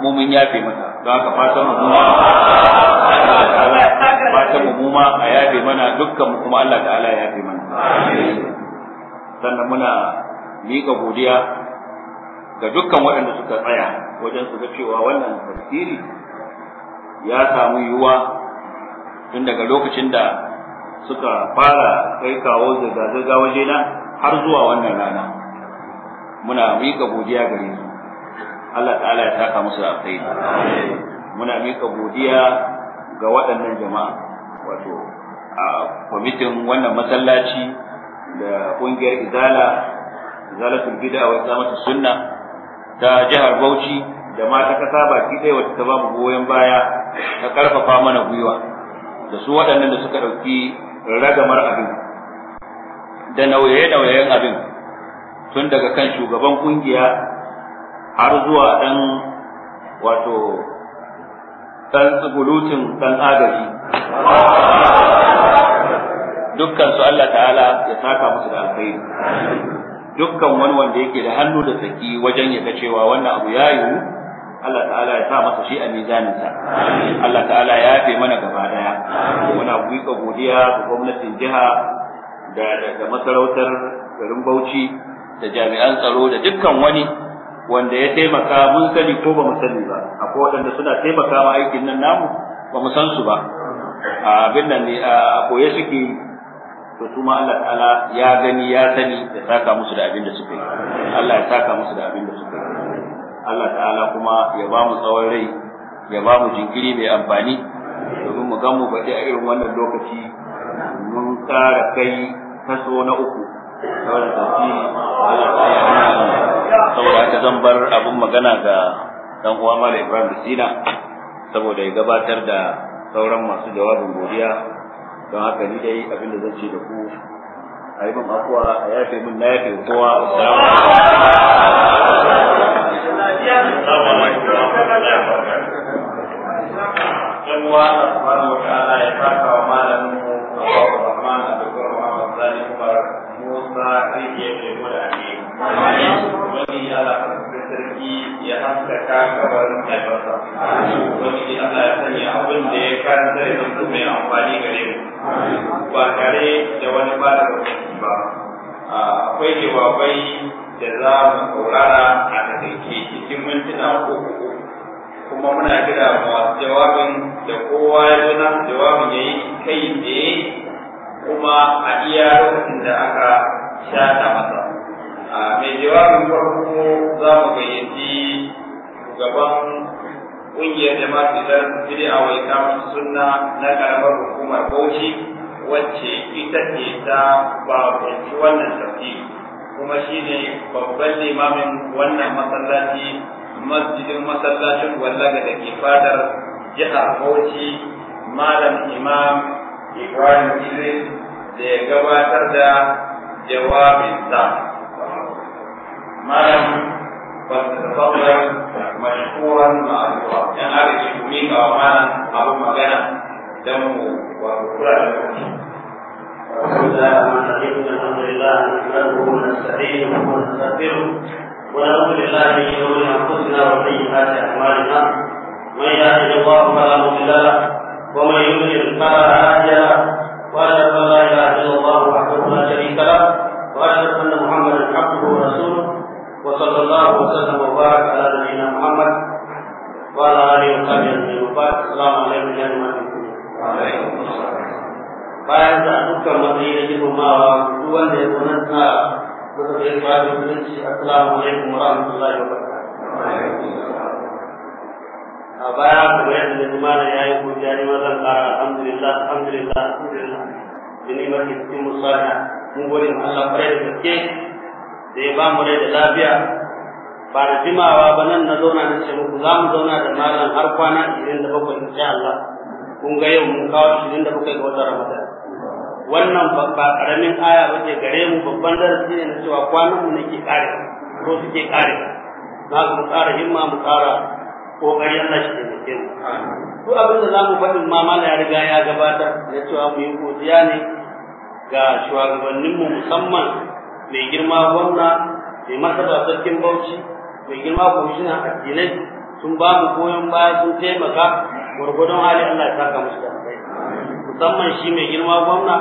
mu mun yafe mata, don haka fatan mu fatan mu ma a yafe mana dukkan mu kuma Allah ta'ala ya yafe mana sannan muna Mika godiya ga dukkan waɗanda suka tsaya wajen su ga cewa wannan tafsiri ya samu yiwuwa tun daga lokacin da suka fara kai kawo zirga-zirga na, har zuwa wannan rana muna miƙa godiya gare su Allah ta'ala ya taka musu alkhairi muna miƙa godiya ga waɗannan jama'a wato a kwamitin wannan masallaci da ƙungiyar izala zalatul bid'a wa iqamatu sunna ta jihar Bauchi da ma ta kasa baki ɗaya wacce ta babu goyon baya ta karfafa mana gwiwa da su waɗannan da suka ɗauki ragamar abin da nauye-nauyen abin tun daga kan shugaban ƙungiya har zuwa ɗan wato ɗan tsugulutin ɗan agaji dukkan su Allah ta'ala ya saka musu da alkhairi dukkan wani wanda yake da hannu da saki wajen ya ga cewa wannan abu ya yiwu Allah ta'ala ya sa masa shi a mizaninsa Allah ta'ala ya yafe mana gaba daya muna buƙa godiya ga gwamnatin jiha da da masarautar garin Bauchi da jami'an tsaro da dukkan wani wanda ya taimaka mun sani ko ba mu sani ba akwai waɗanda suna taimaka ma aikin nan namu ba mu san su ba abin nan ne a koye suke to su ma Allah ta'ala ya gani ya sani ya saka musu da abin da suka yi Allah ya saka musu da abin da suka yi Allah ta'ala kuma ya ba mu tsawon rai ya ba mu jinkiri mai amfani domin mu gan mu baɗi a irin wannan lokaci mun tsara kai kaso na uku saboda tafi Allah ta hana saboda haka zan bar abin magana ga dan uwa Malam Ibrahim Sina saboda ya gabatar da sauran masu jawabin godiya don haka ni dai abinda zan ce da ku a yi afuwa a yafe min na yafe kowa ya saka wa malamin mu Allahu Rahman Musa da Wani Allah sarki ya haskaka kabarin haifarsa. Wani Allah ya sanya abin da ya karanta ya mai amfani gare mu. ba tare da wani ba da ba akwai jawabai da za mu saurara a takaice cikin mintuna ko kuma muna kira ma jawabin da kowa ya zo nasu jawabin ya yi kai tsaye kuma a iya lokacin da aka shata masa mai jawabin farko za mu gayyaci gaban ƙungiyar jama'a fitar a wai ikamun sunna na karamar hukumar Bauchi wacce ita ce ta babanci wannan tafi kuma shi ne babban limamin wannan masallaci masjidin masallacin wallaga da ke fadar jihar Bauchi malam imam Ibrahim Idris da ya gabatar da jawabinsa. Malam, wasu مشكورا معروفا يعني هذه تشكوميك او معنا معروف مكانا دمه وكل الحمد لله الحمد لله نحمده ونستعينه ونستغفره ونعوذ بالله من شرور انفسنا وسيئات اعمالنا من يهده الله فلا مضل له ومن يضلل فلا هادي له واشهد ان لا اله الا الله وحده لا شريك له واشهد ان محمدا عبده ورسوله وصلى الله وسلم وبارك على نبينا محمد وعلى اله وصحبه اجمعين السلام عليكم يا جماعه bayan da dukkan matsayi da girmamawa duk wanda ya gonanta da zai yi ba da mutunci kara alhamdulillah alhamdulillah alhamdulillah da ni mafi cikin musaliya Allah da ya ba mu rai da lafiya ba da jimawa ba nan na zauna da ce muku za mu zauna da malam har kwana ishirin da bakwai sha Allah kun ga yau mun kawo ishirin da bakwai ga wata Ramadan wannan ba karamin aya ba ce gare mu babban darasi ne na cewa kwanan mu ne ke kare ko suke kare na mu tsara himma mu tsara kokari Allah shi ke mu duk abin da za mu faɗin ma mala ya riga ya gabatar ya cewa mu yi godiya ne ga shugabanninmu musamman mai girma gwamna mai martaba sarkin bauchi mai girma kwamishinan addinai sun ba mu goyon baya sun taimaka gwargwadon hali Allah ya saka musu da musamman shi mai girma gwamna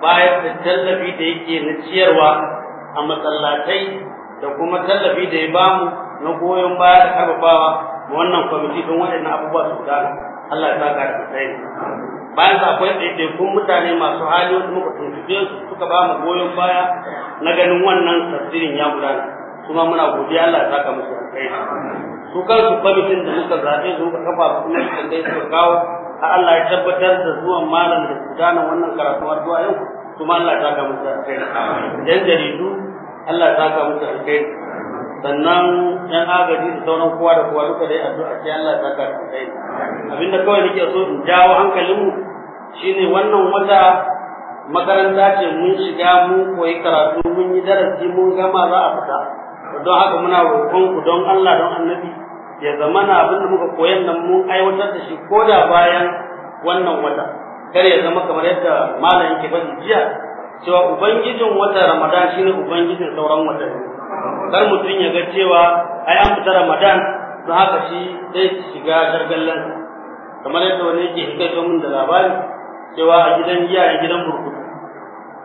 bayan da tallafi da yake na ciyarwa a masallatai da kuma tallafi da ya bamu na goyon baya da karfafawa wannan kwamiti don waɗannan abubuwa su gudana Allah ya saka da tsayi bayan sa akwai ɗaiɗaikun mutane masu hali wasu muka tuntuɓe su suka ba mu goyon baya na ganin wannan tasirin ya gudana kuma muna godiya Allah ya saka musu kai su kansu kwamitin da muka zaɓe su muka kafa su kuma su kai su kawo a Allah ya tabbatar da zuwan malam da gane wannan karatu har zuwa yau kuma Allah ya saka musu kai yan jaridu Allah ya saka musu kai sannan yan agaji da sauran kowa da kowa duka dai addu'a ce Allah ta ka kai abinda kawai nake so in jawo mu shine wannan wata makaranta ce mun shiga mun koyi karatu mun yi darasi mun gama za a fita don haka muna roƙon ku don Allah don annabi ya na abin da muka koyan nan mun aiwatar da shi ko da bayan wannan wata kar ya zama kamar yadda malam yake faɗi jiya cewa ubangijin wata ramadan shine ubangijin sauran watanni kar mutum ya ga cewa ai an fita ramadan don haka shi zai shiga gargallan kamar yadda wani yake hikaito min da labari cewa a gidan giya a gidan burkutu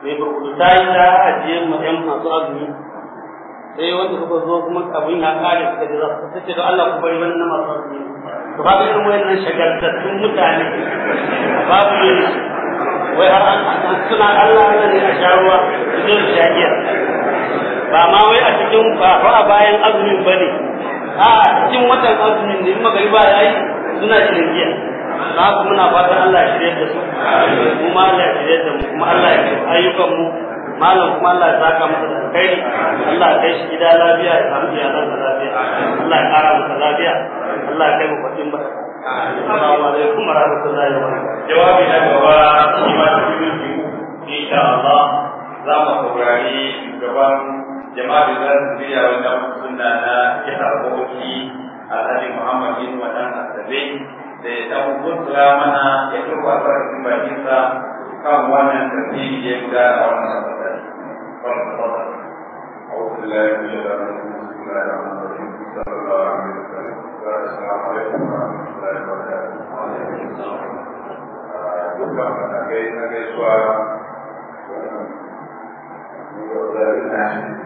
mai burkutu ta yi ta ajiye ma yan masu azumi sai wanda suka zo kuma abin ya kare suka ji za su da Allah ku bari wani na masu azumi to kaga irin wayannan shagaltattun mutane babu yin wai har an suna Allah ne a sharuwa su zo su shagiya ba ma wai a cikin ba a bayan azumin ba ne a cikin watan azumin ne ba ya yi suna shan za ku muna fatan Allah ya shirya da su ma Allah ya shirya da mu kuma Allah ya karɓi ayyukan mu malam kuma Allah ya saka masa da kai Allah ya kai shi gida lafiya ya samu iyalan sa lafiya Allah ya kara masa lafiya Allah ya kai mu kwatin ba Assalamu alaikum wa rahmatullahi jawabi na gaba shi ma da biyu insha Allah za mu saurari gaban jama'a da za su biya wannan sunna na jihar Bauchi Alhaji Muhammad bin Wadan Asabe da ya dan gutsura mana ya dauka farkin bakinsa kan wannan tafsiri ya gudana a wannan masallaci. أعوذ بالله na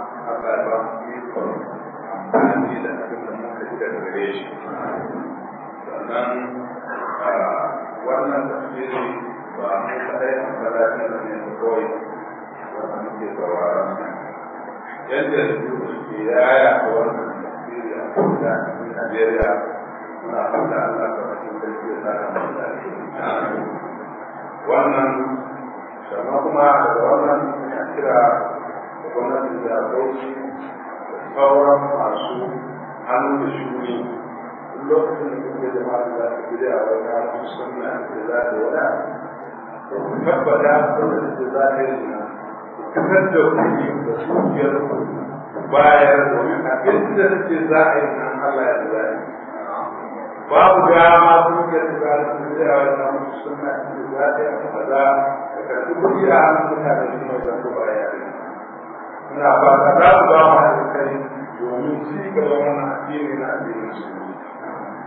Ah, wannan tafsiri ba mu kadai a masallacin da ne kawai wanda muke sauraron yadda yanzu ke yaya da wannan tafsiri a kusa Najeriya muna fata Allah ta bakin sarki ya sa kamar da wannan sama kuma daga wannan kira da gwamnatin jihar sauran masu hannun da shuni lokacin da kuke jama'a da za ku gida a wata sunna da za ta wada tabbata wanda da zahiri na fitar da kuɗi da sukiyar bayar domin abin da take zahiri na Allah ya zahiri babu dama kungiyar da za ta gida a wata sunna da za ta yi kaza da a hannun ina ba mu haɗin domin gaba addini na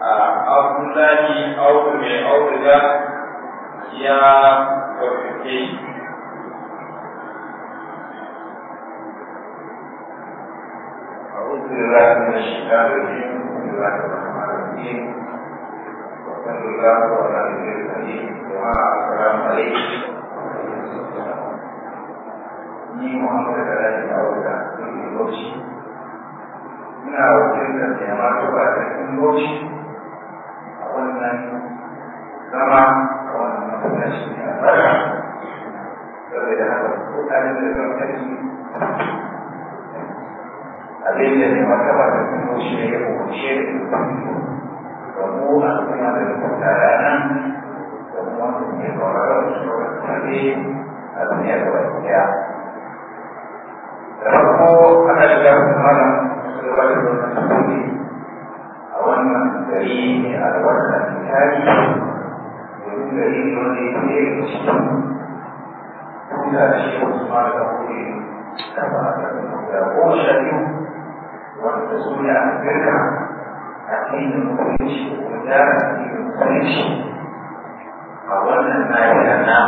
abdullahi auku mai auduga ya wafife أعوذ بالله من الشيطان الرجيم بسم الله الرحمن الرحيم وصلى الله على نبينا الكريم السلام عليكم ni Muhammad da Rani Auda sun yi lokaci. Ina wakiltar da da zama a wannan masallaci na bara saboda ne wata da kuma shi ne ya kuce da mu a kuma da kuma rana da kuma ne ba ra su ne a duniya da wata da farko ana shiga kuma da wata da wata a wannan gari ne a wannan tarihi gari wanda ya ke da da ba ne na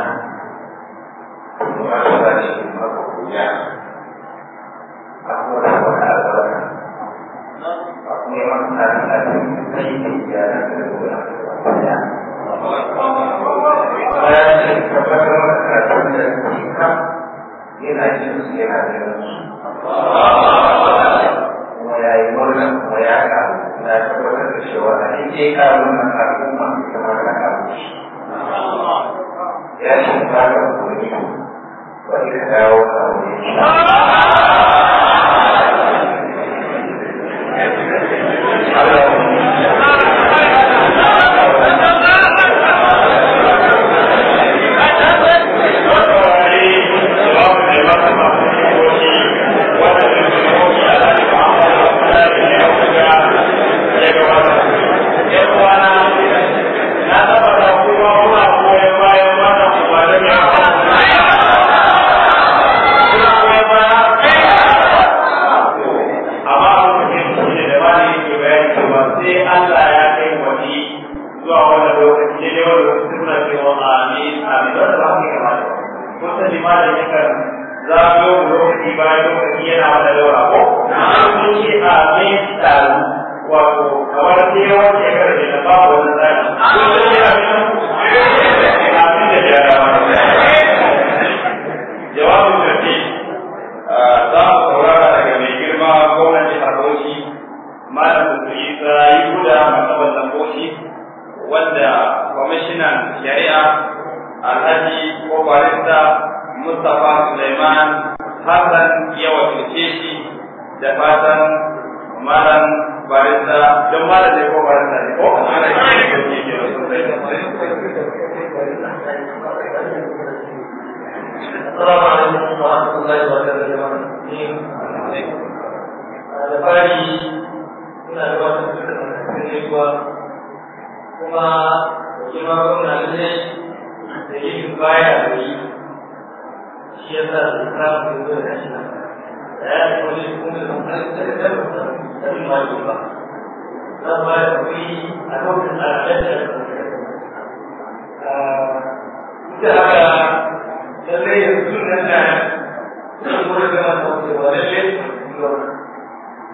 wani Ina jin su yana ganin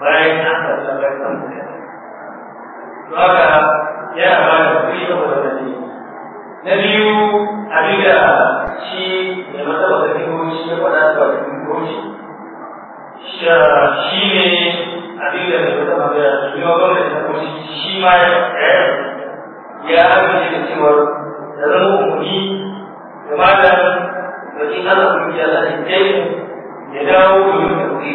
bayan an karɓi albarkar da to haka yana ba da kuɗi saboda wani na biyu abin da shi mai matsala da kingoci ya faɗa da ba da shi ne abin da mai matsala da yiwa gwamnati da kingoci shi ma ya amince da cewar da zama umarni da malam bakin Allah kuma ya sa shi ya dawo domin da kuɗi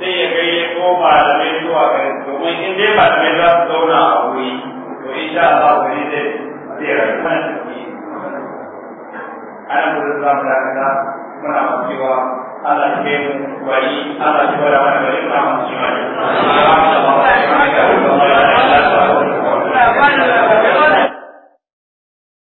သိရကလေးပေါ်မှာလည်းတို့ရတယ်ဘဝရှင်တဲ့မှာလည်းသုံးတာဝီဝိရှာပါဝိတဲ့အပြေရမှန်းတယ်အရမုဒ္ဒရာဗလာကမနာမဇီဝအလကေဝိအလဇီဝရမဝိမနာမဇီဝအာမေနဘာဝေဘာဝေဘာဝေဘာဝေ